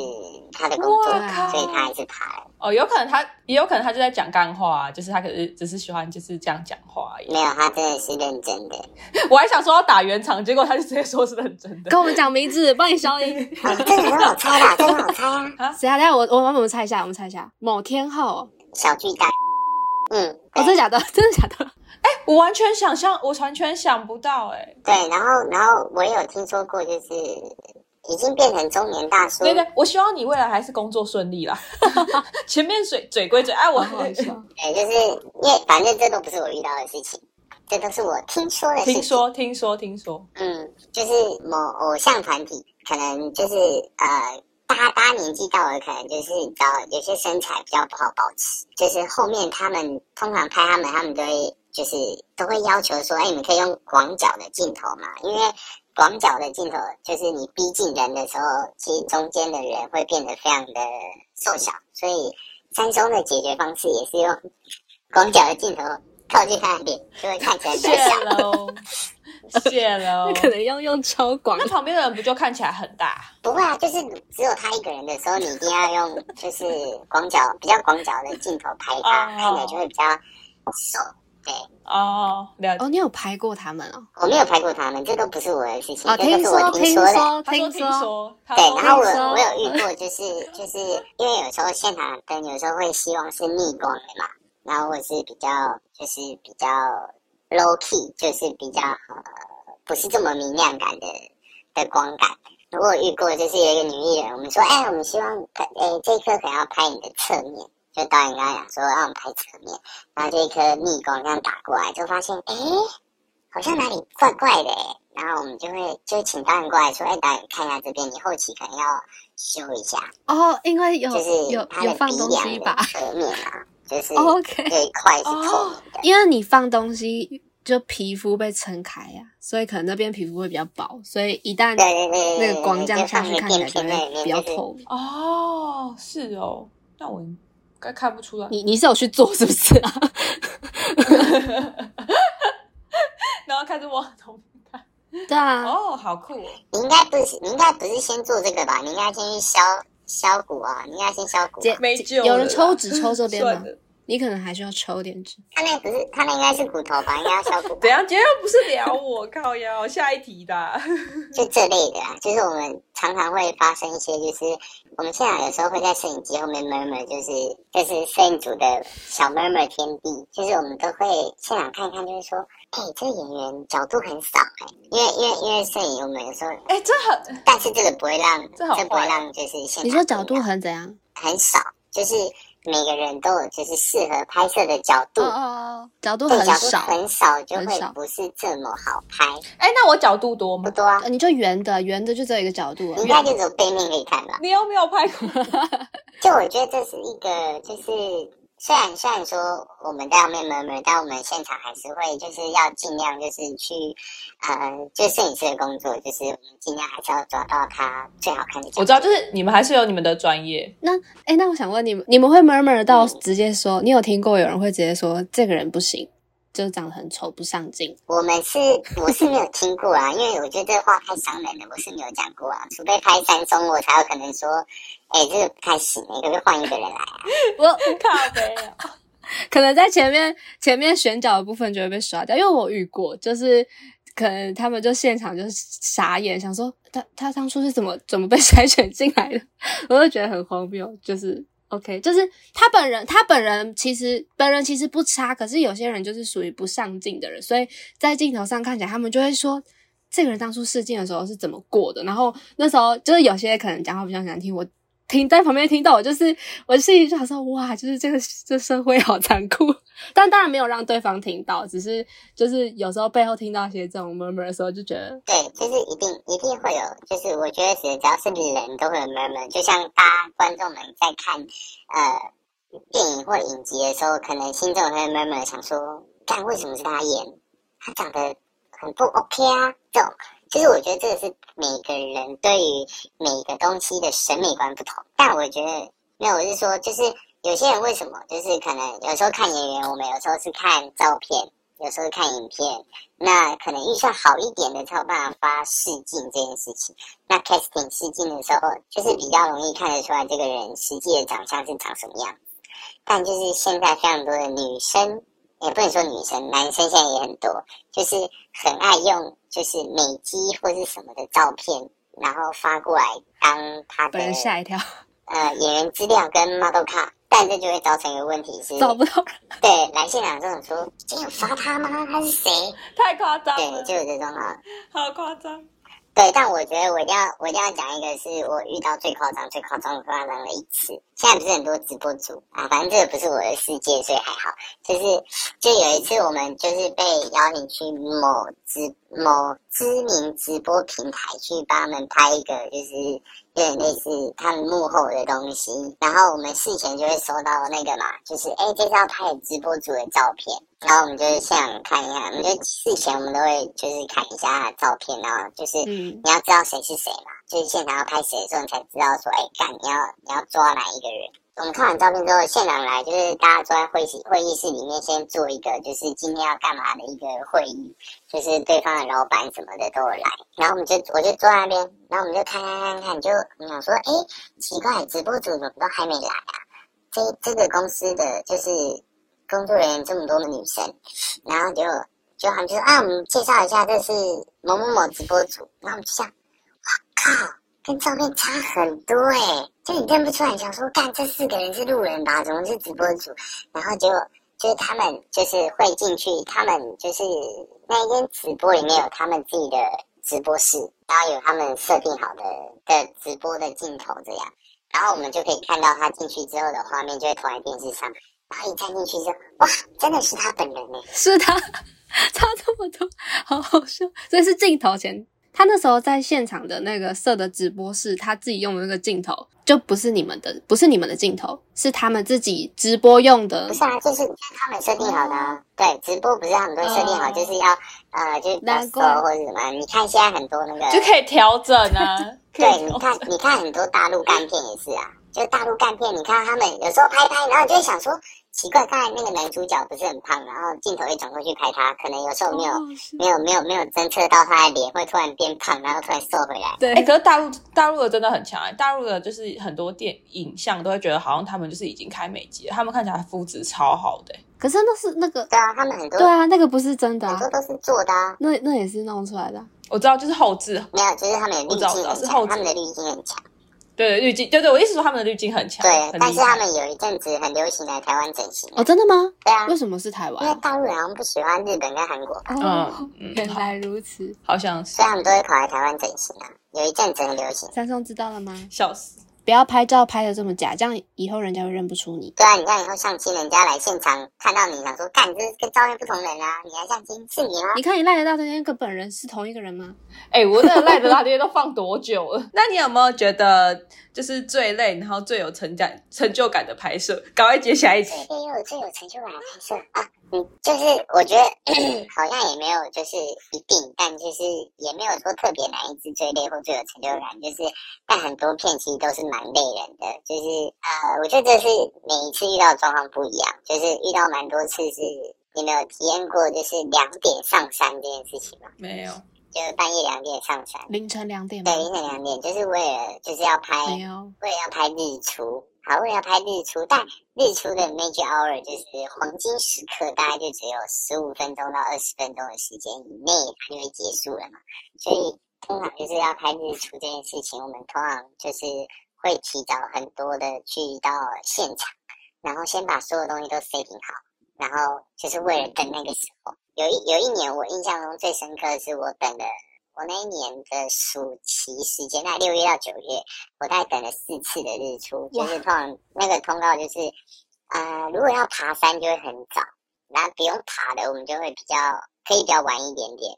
他的工作，oh、所以他也是爬哦，有可能他也有可能他就在講幹話、啊，就是他可是只是喜歡就是這樣講話、啊。沒有，他真的是認真的。 *laughs* 我還想說要打圓場，結果他就直接說是認真的。跟我們講名字，幫你消音。好、 *laughs* *laughs* 啊，真的很好猜吧、啊？真的很好猜呀、啊！誰啊？等下我，我我幫我們猜一下，我們猜一下。某天后小巨蛋。嗯，哦，真的假的？真的假的？哎、欸，我完全想象，我完全想不到哎、欸。對，然後，然後我也有聽說過，就是已經變成中年大叔。對對，我希望你未來還是工作順利啦。 *laughs* *laughs* 前面嘴嘴歸嘴，哎、啊，我好,好笑。對，就是，因為反正這都不是我遇到的事情，這都是我聽說的事情。聽說，聽說，聽說。嗯，就是某偶像團體，可能就是呃，大家年紀到了，可能就是呃，有些身材比較不好保持。就是後面他們通常拍他們，他們都會。就是都會要求說，哎，你可以用廣角的鏡頭嘛，因為廣角的鏡頭就是你逼近人的時候，其實中間的人會變得非常的瘦小。所以珊菘的解決方式也是用廣角的鏡頭靠近他臉，就會看起來瘦小嘍。瘦小，那可能要用超廣，那 *laughs* 血樓 *laughs* 血樓 *laughs* 旁邊的人不就看起來很大？不會啊，就是只有他一個人的時候，你一定要用就是廣角 *laughs* 比較廣角的鏡頭拍他，oh. 看起來就會比較瘦。對哦，哦、oh,，oh, 你有拍過他們哦？我沒有拍過他們，這都、個、不是我的事情。Mm -hmm. 這都是我聽說、oh, 聽說，聽說，聽、說聽說，對。然後我我有遇過，就是就是因為有時候現場燈有時候會希望是逆光的嘛，然後或者是比較就是比較 low key，就是比較、呃、不是這麼明亮感的的光感。我遇過，就是有一個女藝人，我們說，哎，我們希望哎這一刻可能要拍你的側面。就導演剛剛講說讓、啊、我們拍側面，然後這一顆逆光這樣打過來，就發現哎、欸，好像哪裡怪怪的、欸。然後我們就會就請導演過來說：“哎、欸，導演看一下這邊，你後期可能要修一下。”哦，因為有、就是啊、有有放東西吧？側面嘛，就是這一塊是透的、哦 okay 哦，因為你放東西就皮膚被撐開呀、啊，所以可能那邊皮膚會比較薄，所以一旦那個光這樣下去，看起來就會比較透對對對便便便。哦，是哦，那我。看不出來，你你是有去做是不是啊？ *laughs* *laughs* *laughs* *laughs* 然後開始痛頭，對啊。哦，好酷！你應該不是，你應該不是先做這個吧？你應該先去削削骨啊！你應該先削骨、啊沒救。有人抽脂抽這邊嗎？ *laughs* 你可能還是要抽點脂。他那不是，他那應該是骨頭吧？應該要削骨頭。對 *laughs* 啊，絕對不是聊我 *laughs* 靠腰！下一題的、啊， *laughs* 就這類的啦,就是我們常常會發生一些，就是我們現場有時候會在攝影機後面 murmur 就是就是攝影組的小 mur-mur 天地，就是我們都會現場看一看，就是說，哎、欸，這個演員角度很少、欸，哎，因為因為因為攝影我們有時候，哎、欸，這很，但是這個不會讓這，這不會讓就是現場，你說角度很怎樣？很少，就是。每個人都有，就是適合拍攝的角度哦哦哦，角度很少，很少就會不是這麼好拍。哎，那我角度多嗎？不多啊。你就圓的，圓的就這一個角度，你看，就是背面可以看吧。你有沒有拍過？ *laughs* 就我覺得這是一個，就是。雖然雖然說我們在後面 murmur，但我們現場還是會就是要盡量就是去，呃，就攝影師的工作，就是我們盡量還是要抓到他最好看的。我知道，就是你們還是有你們的專業。那，哎、欸，那我想問你們，你們會 murmur -mur 到直接說、嗯？你有聽過有人會直接說這個人不行？就長得很醜，不上鏡。我們是我是沒有聽過啊， *laughs* 因為我覺得這話太傷人了，我是沒有講過啊。除非拍三中我才有可能說，誒、欸、這個不太行，那個就換一個人來啊。我靠，我沒有。 *laughs* 可能在前面前面選角的部分就會被刷掉，因為我遇過，就是可能他們就現場就傻眼，想說他他當初是怎麼怎麼被篩選進來的，我就覺得很荒謬，就是。OK，就是他本人，他本人其實本人其實不差，可是有些人就是屬於不上鏡的人，所以在鏡頭上看起來，他們就會說這個人當初試鏡的時候是怎麼過的。然後那時候就是有些可能講話比較難聽，我聽在旁邊聽到，我就是我心裡就想說，哇，就是這個這社會好殘酷。但當然沒有讓對方聽到，只是就是有時候背後聽到一些這種 murmur 的時候，就覺得對，就是一定一定會有，就是我覺得只要是人都會有 murmur，就像大家觀眾們在看呃電影或影集的時候，可能心中會有 murmur，想說，但為什麼是他演，他長得很不 OK 啊，這種，其實我覺得這個是每個人對於每個東西的審美觀不同。但我覺得沒有，我是說就是。有些人為什麼就是可能有時候看演員，我們有時候是看照片，有時候是看影片。那可能預算好一點的，才有辦法發試鏡這件事情。那 casting 試鏡的時候，就是比較容易看得出來這個人實際的長相是長什麼樣。但就是現在非常多的女生，也、欸、不能說女生，男生現在也很多，就是很愛用就是美肌或是什麼的照片，然後發過來當他的。本人嚇一跳。呃，演員資料跟 model card。但這就會造成一個問題是找不到。 *laughs* 對，男性啊，這種說，真有發他嗎？他是誰？太誇張了。對，就有這種啊，好誇張。對，但我覺得我一定要，我一定要講一個是我遇到最誇張、最誇張的誇張的一次。現在不是很多直播主啊，反正這個不是我的世界，所以還好。就是就有一次，我們就是被邀請去某知某知名直播平台去幫他們拍一個，就是有點類似他們幕後的東西。然後我們事前就會收到那個嘛，就是哎、欸，這是要拍直播主的照片。然後我們就是現場看一下，我們就事前我們都會就是看一下照片，然後就是你要知道誰是誰嘛。就是現場要拍誰的時候，你才知道說，哎，幹你要你要抓哪一個人？我們看完照片之後，現場來就是大家坐在會議會議室裡面，先做一個就是今天要幹嘛的一個會議，就是對方的老闆什麼的都有來。然後我們就我就坐在那邊，然後我們就看看看看，就你想說，哎，奇怪，直播組怎麼都還沒來啊？這這個公司的就是。工作人員，這麼多的女生，然後就就他們就說，啊，我們介紹一下，這是某某某直播主。然後我們就這樣，哇靠，跟照片差很多哎，欸，就你認不出來，想說幹，這四個人是路人吧，怎麼是直播主？然後結果就是他們就是會進去，他們就是那一間直播裡面有他們自己的直播室，然後有他們設定好的的直播的鏡頭這樣，然後我們就可以看到他進去之後的畫面，就會投在電視上。可以站進去就哇，真的是他本人呢！是他，差這麼多，好好笑！這是鏡頭前，他那時候在現場的那個設的直播室，他自己用的那個鏡頭，就不是你們的，不是你們的鏡頭，是他們自己直播用的。不是啊，就是他們設定好的、啊。對，直播不是很多設定好、呃，就是要呃，就是難或者什麼。你看現在很多那個就可以調整啊。 *laughs* 對，你看，你看很多大陸干片也是啊，就大陸干片，你看他們有時候拍拍，然後你就會想說。奇怪，剛才那個男主角不是很胖，然後鏡頭一轉過去拍他，可能有時候沒有、沒有、沒有、沒有偵測到他的臉，會突然變胖，然後突然瘦回來。對，欸、可是大陸大陸的真的很強哎、欸，大陸的就是很多電影像都會覺得好像他們就是已經開美肌了，他們看起來膚質超好的，欸。可是那是那個對啊，他們很多對啊，那個不是真的、啊、很多都是做的啊。那那也是弄出來的、啊，我知道，就是後置沒有，就是他們的濾鏡，是後置他們的濾鏡很強。對濾鏡，對對，我意思說他們的濾鏡很強。對，但是他們有一陣子很流行的台灣整形。哦，真的嗎？對啊。為什麼是台灣？因為大陸人不喜歡日本跟韓國啊。哦。嗯，原來如此。好，好像是。所以他們都會跑來台灣整形啊，有一陣子很流行。三松知道了嗎？笑死。不要拍照拍得這麼假，這樣以後人家會認不出你。對啊，你這樣以後相親，人家來現場看到你，想說幹，你是跟照片不同人啊，你還相親是你啊？哦，你看你賴的大頭貼跟本人是同一個人嗎？哎、欸，我那賴的大頭貼都放多久了？ *laughs* 那你有沒有覺得就是最累，然後最有成成就感的拍攝？趕快接下一次，因為最有成就感的拍攝啊。嗯、就是我覺得咳咳好像也沒有，就是一定，但就是也沒有說特別哪一次最累或最有成就感。就是但很多片其實都是蠻累人的。就是呃，我覺得是每一次遇到的狀況不一樣。就是遇到蠻多次是，你沒有體驗過就是兩點上山這件事情嗎？沒有，就是半夜兩點上山，凌晨兩點嗎？對，凌晨兩點就是為了就是要拍，為了要拍日出。好，為了拍日出，但日出的 magic hour 就是黃金時刻，大概就只有十五分鐘到二十分鐘的時間以內它就會結束了嘛。所以通常就是要拍日出這件事情，我們通常就是會提早很多的去到現場，然後先把所有東西都 saving 好，然後就是為了等那個時候。有一有一年我印象中最深刻的是我等了。我那一年的暑期時間，在六月到九月，我在等了四次的日出，yeah. 就是通常那個通告就是，呃，如果要爬山就會很早，那不用爬的我們就會比較可以比較晚一點點，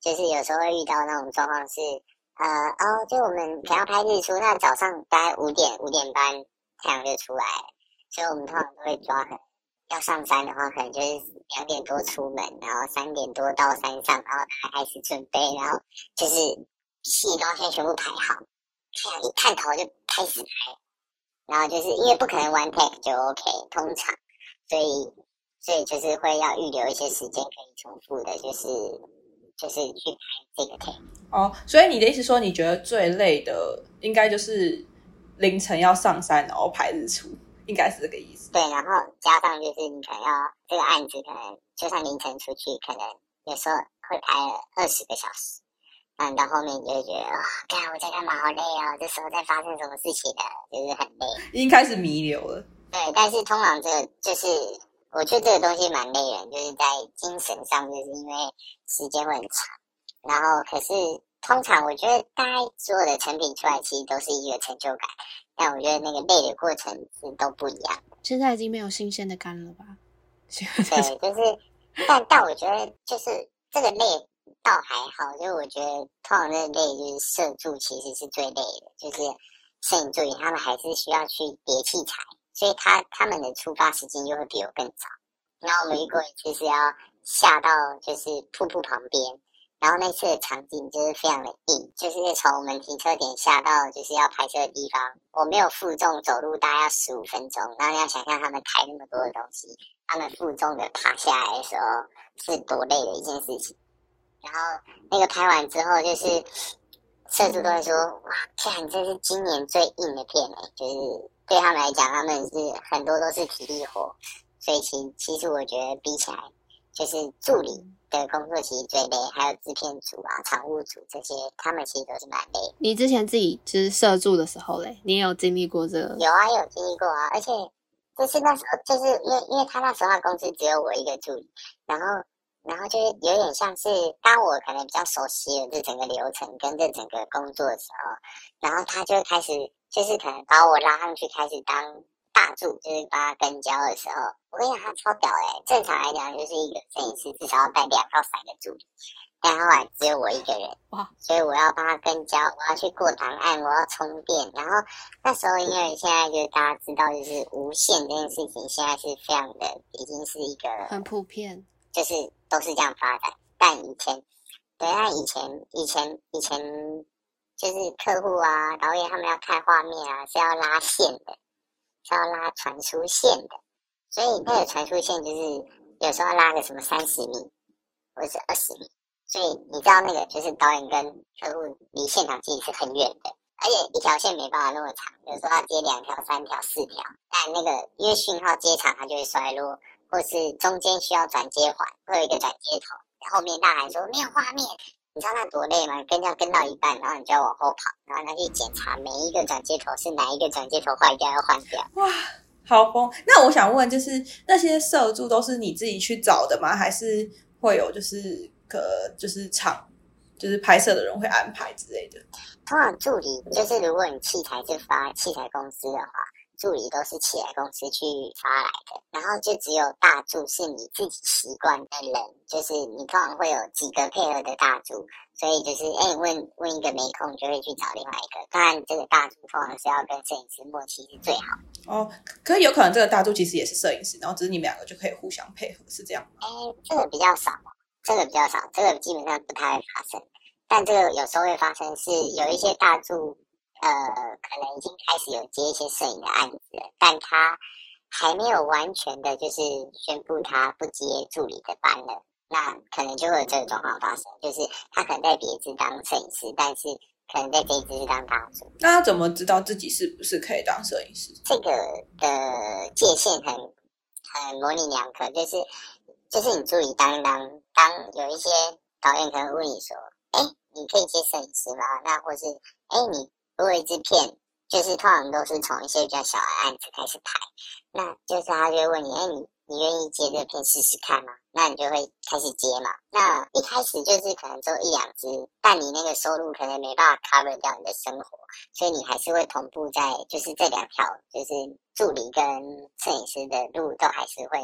就是有時候會遇到那種狀況是，呃，哦，就我們想要拍日出，那早上大概五點五點半太陽就出來了，所以我們通常都會抓很⋯要上山的話，可能就是兩點多出門，然後三點多到山上，然後大家開始準備，然後就是戲裝先全部排好，太陽一探頭就開始排。然後就是因為不可能 one take 就 OK，通常，所以所以就是會要預留一些時間可以重複的，就是就是去排這個 take。哦，所以你的意思說，你覺得最累的應該就是凌晨要上山，然後拍日出。應該是這個意思。對，然後加上就是，你可能要這個案子可能就算凌晨出去，可能有時候會拍了二十個小時，嗯、然後到後面就覺得哇，看、哦啊、我在幹嘛，好累啊！這時候在發生什麼事情的、啊，就是很累。應該是開始彌留了。對，但是通常這就是，我覺得這個東西蠻累人，就是在精神上，就是因為時間會很長。然後，可是通常我覺得大家做的成品出來，其實都是一個成就感。但我覺得那個累的過程是都不一樣。現在已經沒有新鮮的肝了吧？ *laughs* 對，就是，但但我覺得就是這個累倒還好，就是我覺得通常那個累就是攝助其實是最累的，就是攝影助理他們還是需要去疊器材，所以他他們的出發時間又會比我更早。然後我們一過就是要下到就是瀑布旁邊。然後那次的場景就是非常的硬，就是從我們停車點下到就是要拍攝的地方，我沒有負重走路大概要十五分鐘。然後你要想象他們抬那麼多的東西，他們負重的爬下來的時候是多累的一件事情。然後那個拍完之後，就是攝製都會說：“哇，看這是今年最硬的片哎！”就是對他們來講，他們是很多都是體力活，所以其其實我覺得比起來，就是助理。的工作其實最累，還有制片組啊、場務組這些，他們其實都是蠻累。你之前自己就是攝助的時候嘞，你有經歷過這個？有啊，有經歷過啊。而且就是那時候，就是因為因為他那時候的公司只有我一個助理，然後然後就是有點像是當我可能比較熟悉了這整個流程跟這整個工作的時候，然後他就開始就是可能把我拉上去開始當。大助就是幫他跟焦的時候，我跟你講他超屌哎、欸！正常來講就是一個攝影師至少要帶兩到三個助理，但他後來只有我一個人，所以我要幫他跟焦，我要去過檔案，我要充電。然後那時候因為現在就是大家知道就是無線這件事情現在是非常的，已經是一個很普遍，就是都是這樣發展。但以前，對，但以前以前以前就是客戶啊、導演他們要看畫面啊是要拉線的。是要拉傳輸線的，所以那個傳輸線就是有時候要拉個什麼三十米，或者是二十米，所以你知道那個就是導演跟客戶離現場距離是很遠的，而且一條線沒辦法那麼長，有時候要接兩條、三條、四條，但那個因為訊號接長它就會衰落，或是中間需要轉接環，會有一個轉接頭，後面大喊說沒有畫面。你知道那多累嗎？跟這樣跟到一半，然後你就要往後跑，然後他去檢查每一個轉接頭是哪一個轉接頭壞掉要換掉。哇，好瘋。那我想問，就是那些攝助都是你自己去找的嗎？還是會有就是可，就是場，就是拍攝的人會安排之類的？通常助理就是如果你器材就發器材公司的話。助理都是企業公司去發來的，然後就只有大助是你自己習慣的人，就是你通常會有幾個配合的大助，所以就是哎，問問一個沒空，就會去找另外一個。當然，這個大助通常是要跟攝影師默契是最好。哦，可以有可能這個大助其實也是攝影師，然後只是你們兩個就可以互相配合，是這樣嗎？哎，這個比較少，這個比較少，這個基本上不太會發生。但這個有時候會發生，是有一些大助。呃，可能已經開始有接一些攝影的案子，但他還沒有完全的，就是宣布他不接助理的班了。那可能就會有這種狀況發生，就是他可能在別支當攝影師，但是可能在這一支是當大助。那他怎麼知道自己是不是可以當攝影師？這個的界限很很模稜兩可，就是就是你助理當當當，當有一些導演可能問你說：“哎，你可以接攝影師嗎？”那或是：“哎，你。”做一支片，就是通常都是從一些比較小的案子開始拍，那就是他就會問你，哎、欸，你你願意接這片試試看嗎？那你就會開始接嘛。那一開始就是可能做一兩支，但你那個收入可能沒辦法 cover 掉你的生活，所以你還是會同步在就是這兩條，就是助理跟攝影師的路都還是會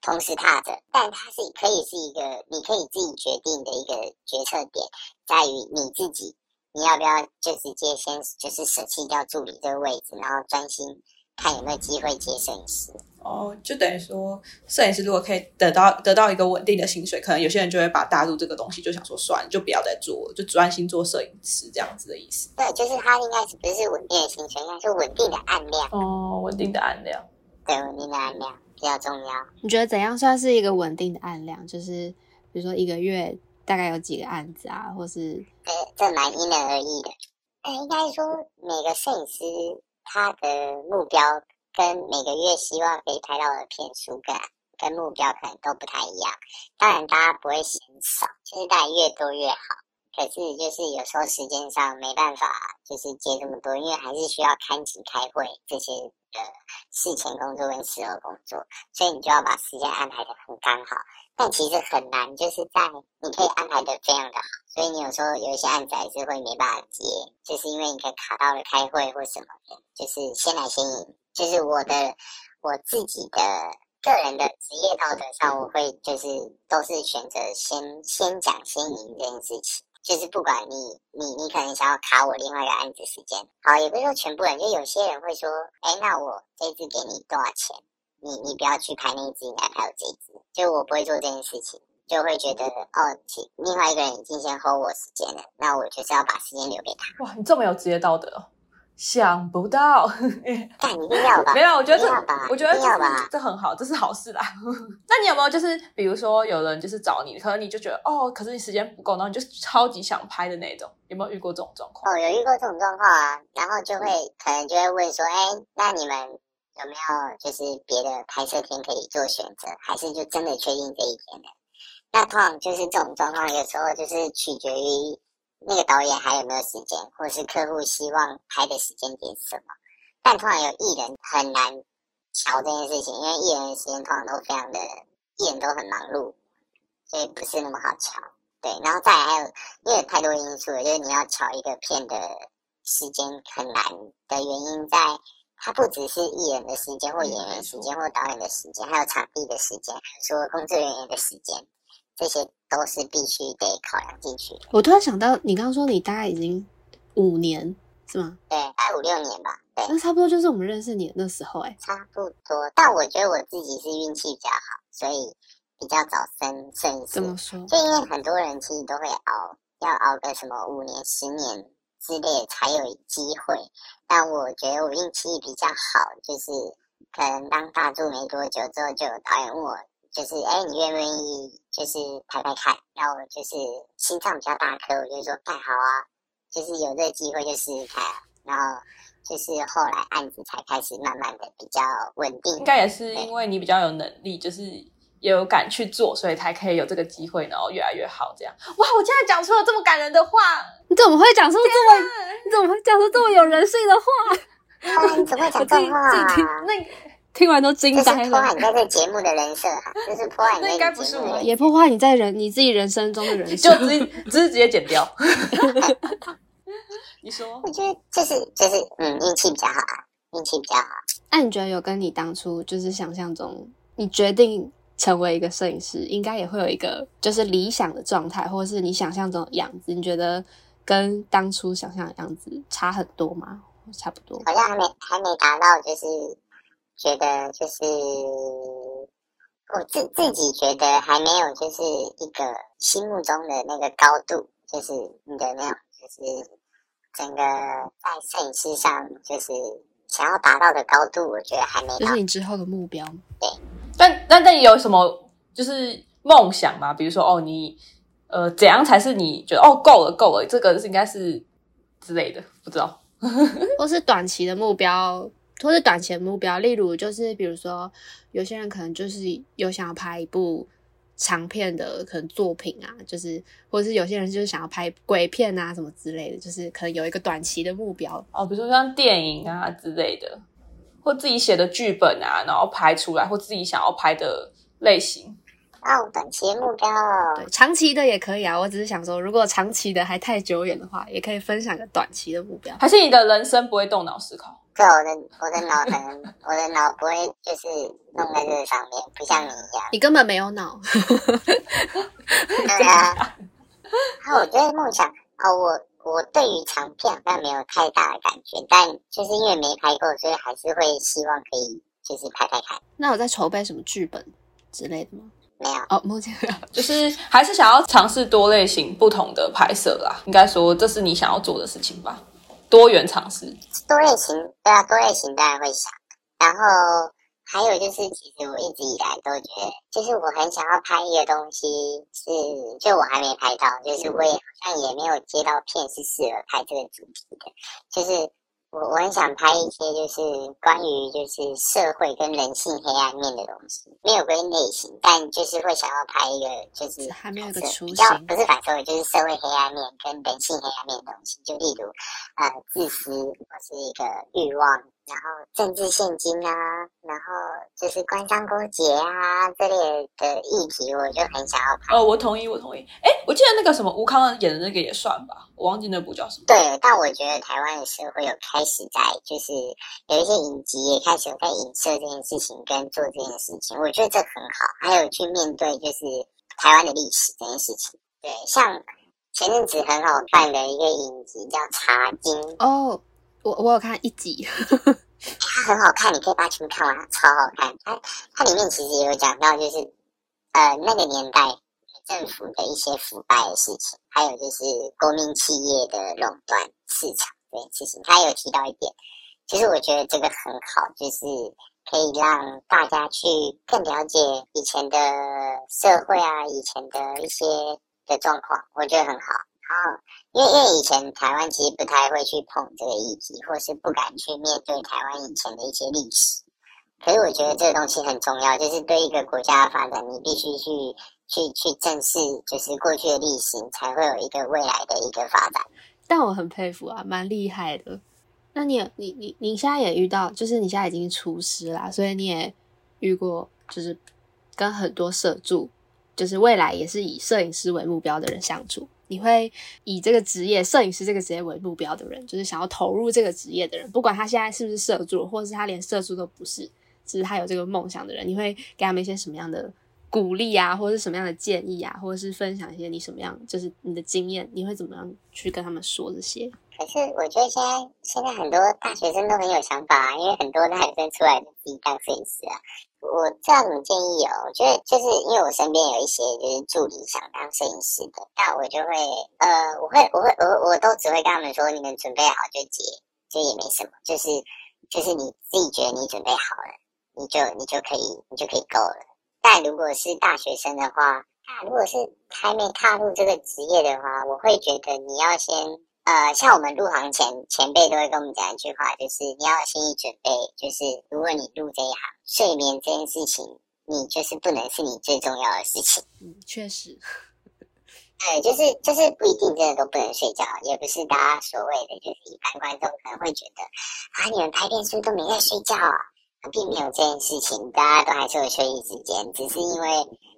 同時踏着。但它是可以是一個，你可以自己決定的一個決策點，在於你自己。你要不要就直接先就是捨棄掉助理這個位置，然後專心看有沒有機會接攝影師？哦，就等於說攝影師如果可以得到得到一個穩定的薪水，可能有些人就會把大陸這個東西就想說，算了，就不要再做，就專心做攝影師這樣子的意思。對，就是他應該是不是穩定的薪水，應該是穩定的案量。哦，穩定的案量，對，穩定的案量比較重要。你覺得怎樣算是一個穩定的案量？就是比如說一個月，大概有幾個案子啊，或是呃，這蠻因人而異的。哎、呃，應該說每個攝影師他的目標跟每個月希望可以拍到的片數跟跟目標可能都不太一樣。當然，大家不會嫌少，就是大家越多越好。可是，就是有時候時間上沒辦法，就是接這麼多，因為還是需要看景、開會這些的、呃、事前工作跟事後工作，所以你就要把時間安排得很剛好。但其實很難，就是在你可以安排的非常的好，所以你有時候有一些案子還是會沒辦法接，就是因為你可以卡到了開會或什麼的，就是先來先贏。就是我的我自己的個人的職業道德上，我會就是都是選擇先先講先贏這件事情。就是不管你你你可能想要卡我另外一個案子時間，好，也不是說全部人，就有些人會說，哎，那我這次給你多少錢？你你不要去拍那一隻應該拍有這一隻，就我不會做這件事情，就會覺得哦，其另外一個人已經先 hold 我時間了，那我就是要把時間留給他。哇，你這麼有職業道德，哦，想不到。 *laughs* 但一定要吧？沒有，我覺得這要吧，我覺得要吧，嗯，這很好，這是好事啦。 *laughs* 那你有沒有就是比如說有人就是找你，可能你就覺得哦，可是你時間不夠，然後你就超級想拍的那種，有沒有遇過這種狀況？哦，有遇過這種狀況啊，然後就會，嗯，可能就會問說，哎，那你們？有沒有就是別的拍攝片可以做選擇，還是就真的確定這一天的？那通常就是這種狀況，有時候就是取決於那個導演還有沒有時間，或是客戶希望拍的時間點是什麼。但通常有藝人很難喬這件事情，因為藝人的時間通常都非常的，藝人都很忙碌，所以不是那麼好喬。對，然後再來還有因為有太多因素，就是你要喬一個片的時間很難的原因在。它不只是藝人的時間或演員時間或導演的時間，還有場地的時間，還有說工作人員的時間，這些都是必須得考量進去。我突然想到，你剛剛說你大概已經五年是嗎？對，大概五六年吧。對，那差不多就是我們認識你的那時候哎、欸。差不多，但我覺得我自己是運氣比較好，所以比較早升正式。怎麼說？就因為很多人其實都會熬，要熬個什麼五年、十年。之類的才有機會，但我覺得我運氣比較好，就是可能當大助沒多久之後，就有導演問我，就是哎、欸，你願不願意就是拍拍看？然後我就是心臟比較大顆，我就說哎，太好啊！就是有這個機會就試試看啊。然後就是後來案子才開始慢慢的比較穩定。應該也是因為你比較有能力，就是。也有敢去做，所以才可以有這個機會，然後越來越好，這樣。哇，我竟然講出了這麼感人的話！啊怎啊、你怎麼會講出這麼你怎麼會講出這麼有人性的話？啊、 *laughs* 你怎麼講這麼話？自自聽那個、聽完都驚呆了。是破壞你在這節目的人設，就是破壞，應該不是我。也破壞你在人你自己人生中的人設，就直直接剪掉。 *laughs* *laughs* 你說，我覺得這、就是，就是，嗯，運氣比較好，運氣比較好。那、啊、你覺得有跟你當初就是想象中，你決定？成為一個攝影師，應該也會有一個就是理想的狀態，或者是你想象中的樣子。你覺得跟當初想象的樣子差很多嗎？差不多。好像還沒還沒達到，就是覺得就是我自自己覺得還沒有就是一個心目中的那個高度，就是你的那種，就是整個在攝影師上就是想要達到的高度，我覺得還沒達到。就是你之後的目標嗎？對。但那那那你有什麼就是夢想嗎？比如說哦，你呃，怎樣才是你覺得哦夠了夠了？這個應是應該是之類的，不知道。 *laughs* 或是短期的目標，或是短期的目標，例如就是比如說，有些人可能就是有想要拍一部長片的可能作品啊，就是或者是有些人就是想要拍鬼片啊什麼之類的，就是可能有一個短期的目標哦，比如說像電影啊之類的。或自己寫的劇本啊，然後拍出來，或自己想要拍的類型。哦、oh,，短期的目標，對，長期的也可以啊。我只是想說，如果長期的還太久遠的話，也可以分享個短期的目標。還是你的人生不會動腦思考？在我的我的腦，可能我的腦不會就是弄在這上面，不像你一樣。 *laughs* 你根本沒有腦。對 *laughs* 啊。 *laughs* *laughs* *laughs* *laughs* *laughs* *laughs* *laughs* 我覺得夢想，啊、哦，我。我對於長片好像沒有太大的感覺，但就是因為沒拍過，所以還是會希望可以就是拍拍看。那我在籌備什麼劇本之類的嗎？沒有哦，目前就是還是想要嘗試多類型不同的拍攝啦。應該說這是你想要做的事情吧？多元嘗試，多類型對啊，多類型當然會想，然後。還有就是，其實我一直以來都覺得，就是我很想要拍一個東西，是就我還沒拍到，就是我也好像也沒有接到片是適合拍這個主題的。就是我我很想拍一些，就是關於就是社會跟人性黑暗面的東西，沒有關於內心，但就是會想要拍一個就是比較，不是反，社就是社會黑暗面跟人性黑暗面的東西，就例如呃自私或是一個慾望。然後政治獻金啊，然後就是官商勾結啊這類的議題，我就很想要拍。哦，我同意，我同意。誒，我記得那個什麼吳慷仁演的那個也算吧，我忘記那部叫什麼？對，但我覺得台灣的社會有開始在，就是有一些影集也開始有在影射這件事情跟做這件事情，我覺得這很好。還有去面對就是台灣的歷史這件事情。對，像前陣子很好看的一個影集叫《茶金》哦。我我有看一集，呵呵呵。它很好看，你可以把它全部看完，超好看。它它裡面其實也有講到，就是呃那個年代政府的一些腐敗的事情，還有就是國民企業的壟斷市場。對，其實它有提到一點，其實我覺得這個很好，就是可以讓大家去更了解以前的社會啊，以前的一些的狀況，我覺得很好。哦，因為因為以前台灣其實不太會去碰這個議題，或是不敢去面對台灣以前的一些歷史。可是我覺得這個東西很重要，就是對一個國家的發展，你必須去去去正視，就是過去的歷史，才會有一個未來的一個發展。但我很佩服啊，蠻厲害的。那你你你你現在也遇到，就是你現在已經出師啦，所以你也遇過，就是跟很多攝助，就是未來也是以攝影師為目標的人相處。你會以這個職業攝影師這個職業為目標的人，就是想要投入這個職業的人，不管他現在是不是涉足，或是他連涉足都不是，只、就是他有這個夢想的人，你會給他們一些什麼樣的鼓勵啊，或者是什麼樣的建議啊，或者是分享一些你什麼樣，就是你的經驗，你會怎麼樣去跟他們說這些？可是我覺得現在現在很多大學生都很有想法啊，因為很多大學生出來自己當攝影師啊。我這樣子建議哦，我覺得就是因為我身邊有一些就是助理想當攝影師的，那我就會呃，我會我會我我都只會跟他們說，你們準備好就結，就也沒什麼，就是就是你自己覺得你準備好了，你就你就可以你就可以夠了。但如果是大學生的話，那如果是還沒踏入這個職業的話，我會覺得你要先。呃，像我們入行前前輩都會跟我們講一句話，就是你要有心理準備，就是如果你入這一行，睡眠這件事情，你就是不能是你最重要的事情。嗯，確實。對、呃，就是就是不一定真的都不能睡覺，也不是大家所謂的就是一般觀眾可能會覺得啊，你們拍片是不是都沒在睡覺啊？並沒有這件事情，大家都還是有休息時間，只是因為。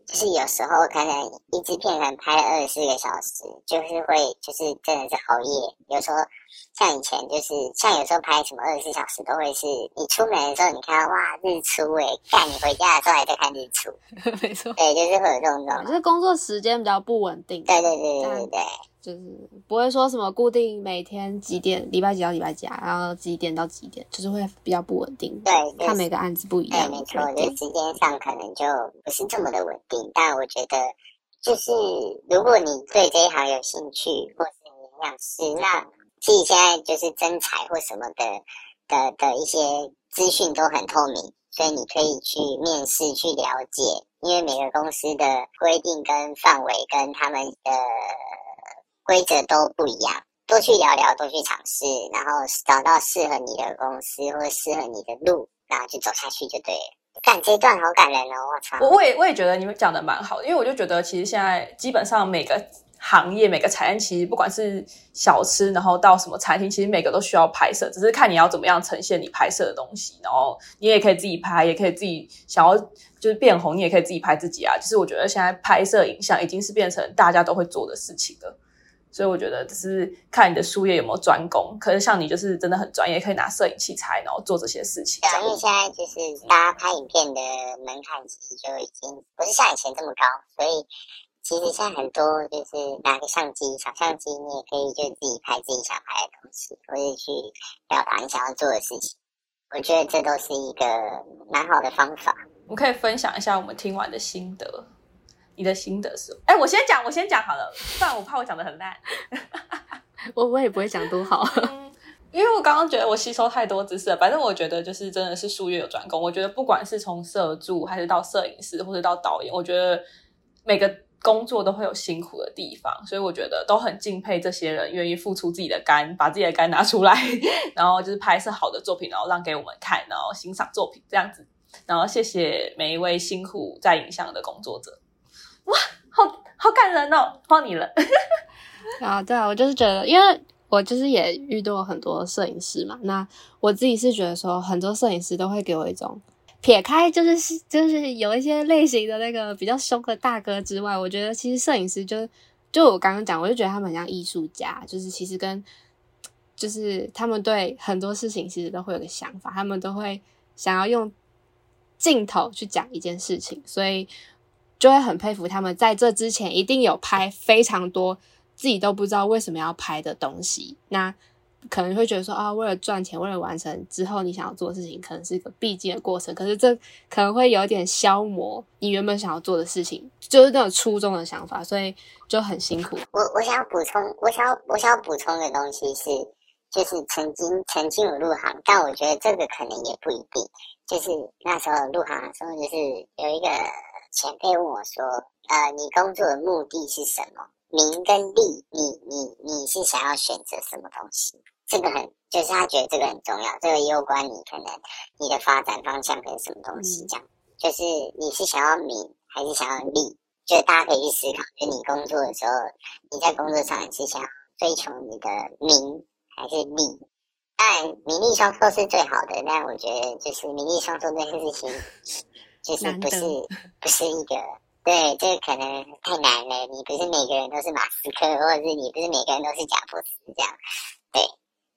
就是有時候可能一支片可能拍了二十四個小時，就是會就是真的是熬夜。有時候像以前就是像有時候拍什麼二十四小時都會是你出門的時候，你看哇日出誒、欸、但你回家的時候還在看日出，沒錯，對，就是會有這種狀況。就是工作時間比較不穩定，對對對對對、嗯。對就是不會說什麼固定每天幾點，禮拜幾到禮拜幾啊，然後幾點到幾點，就是會比較不穩定對。對，看每個案子不一樣。對對，沒錯，就、這個，時間上可能就不是這麼的穩定，嗯。但我覺得，就是如果你對這一行有興趣或是你想試，那自己現在就是徵才、或什麼的的的一些資訊都很透明，所以你可以去面試去了解，因為每個公司的規定跟範圍跟他們的。規則都不一樣，多去聊聊，多去嘗試，然後找到適合你的公司或者適合你的路，然後就走下去就對了。幹，這段好感人哦，我操！我我也我也覺得你們講的蠻好，因為我就覺得其實現在基本上每個行業每個產業，其實不管是小吃，然後到什麼餐廳，其實每個都需要拍攝，只是看你要怎麼樣呈現你拍攝的東西。然後你也可以自己拍，也可以自己想要就是變紅，你也可以自己拍自己啊。就是我覺得現在拍攝影像已經是變成大家都會做的事情了。所以我覺得就是看你的術業有沒有專攻，可是像你就是真的很專業，可以拿攝影器材然後做這些事情，啊。因為現在就是大家拍影片的門檻其實就已經不是像以前這麼高，所以其實現在很多就是拿個相機、小相機，你也可以就自己拍自己想拍的東西，或是去表達你想要做的事情。我覺得這都是一個蠻好的方法。我們可以分享一下我們聽完的心得。你的心得是？哎、欸，我先講，我先講好了，不然我怕我講的很爛。我 *laughs* 我也不會講多好、嗯。因為我剛剛覺得我吸收太多知識了。反正我覺得就是真的是術業有專攻。我覺得不管是從攝助還是到攝影師或者到導演，我覺得每個工作都會有辛苦的地方。所以我覺得都很敬佩這些人願意付出自己的肝，把自己的肝拿出來，然後就是拍攝好的作品，然後讓給我們看，然後欣賞作品這樣子。然後謝謝每一位辛苦在影像的工作者。哇，好好感人哦，幫你了 *laughs* 啊！對啊，我就是覺得，因為我就是也遇到很多攝影師嘛。那我自己是覺得說，很多攝影師都會給我一種撇開，就是就是有一些類型的那個比較兇的大哥之外，我覺得其實攝影師就就我剛剛講，我就覺得他們很像藝術家，就是其實跟就是他們對很多事情其實都會有個想法，他們都會想要用鏡頭去講一件事情，所以。就會很佩服他們，在這之前一定有拍非常多自己都不知道為什麼要拍的東西。那可能會覺得說啊，為了賺錢，為了完成之後你想要做的事情，可能是一個必經的過程。可是這可能會有點消磨你原本想要做的事情，就是那種初衷的想法，所以就很辛苦。我我想要補充，我想要我想要補充的東西是，就是曾經曾經有入行，但我覺得這個可能也不一定。就是那時候入行的時候，就是有一個。前輩問我說：“呃，你工作的目的是什麼？名跟利，你你你是想要選擇什麼東西？這個很，就是他覺得這個很重要，這個攸關你可能你的發展方向跟什麼東西這樣。就是你是想要名還是想要利？就是大家可以去思考，就你工作的時候，你在工作上也是想要追求你的名還是利？當然，名利雙收是最好的，但我覺得就是名利雙收這件事情。 *laughs* ”其實不是不是一個對，這可能太難了。你不是每個人都是馬斯克，或者是你不是每個人都是賈伯斯這樣。對，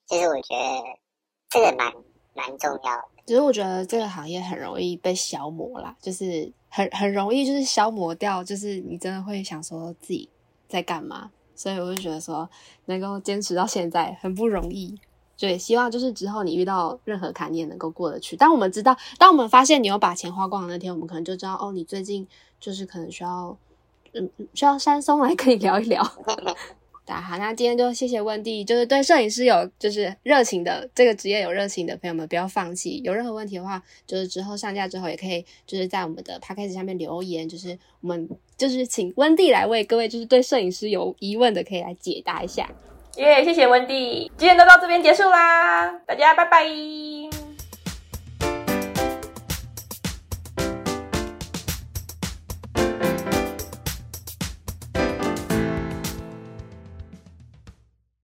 就是我覺得這個蠻蠻重要的。只是我覺得這個行業很容易被消磨啦，就是很很容易就是消磨掉，就是你真的會想說自己在幹嘛。所以我就覺得說，能夠堅持到現在很不容易。對，希望就是之後你遇到任何坎，你也能夠過得去。但我們知道，當我們發現你有把錢花光的那天，我們可能就知道，哦，你最近就是可能需要，嗯，需要珊菘來跟你聊一聊 *laughs* 對。好，那今天就謝謝溫蒂，就是對攝影師有就是熱情的這個職業有熱情的朋友們，不要放棄。有任何問題的話，就是之後上架之後也可以就是在我們的 Podcast 下面留言，就是我們就是請溫蒂來為各位就是對攝影師有疑問的可以來解答一下。耶、yeah，謝謝溫蒂，今天就到這邊結束啦，大家拜拜。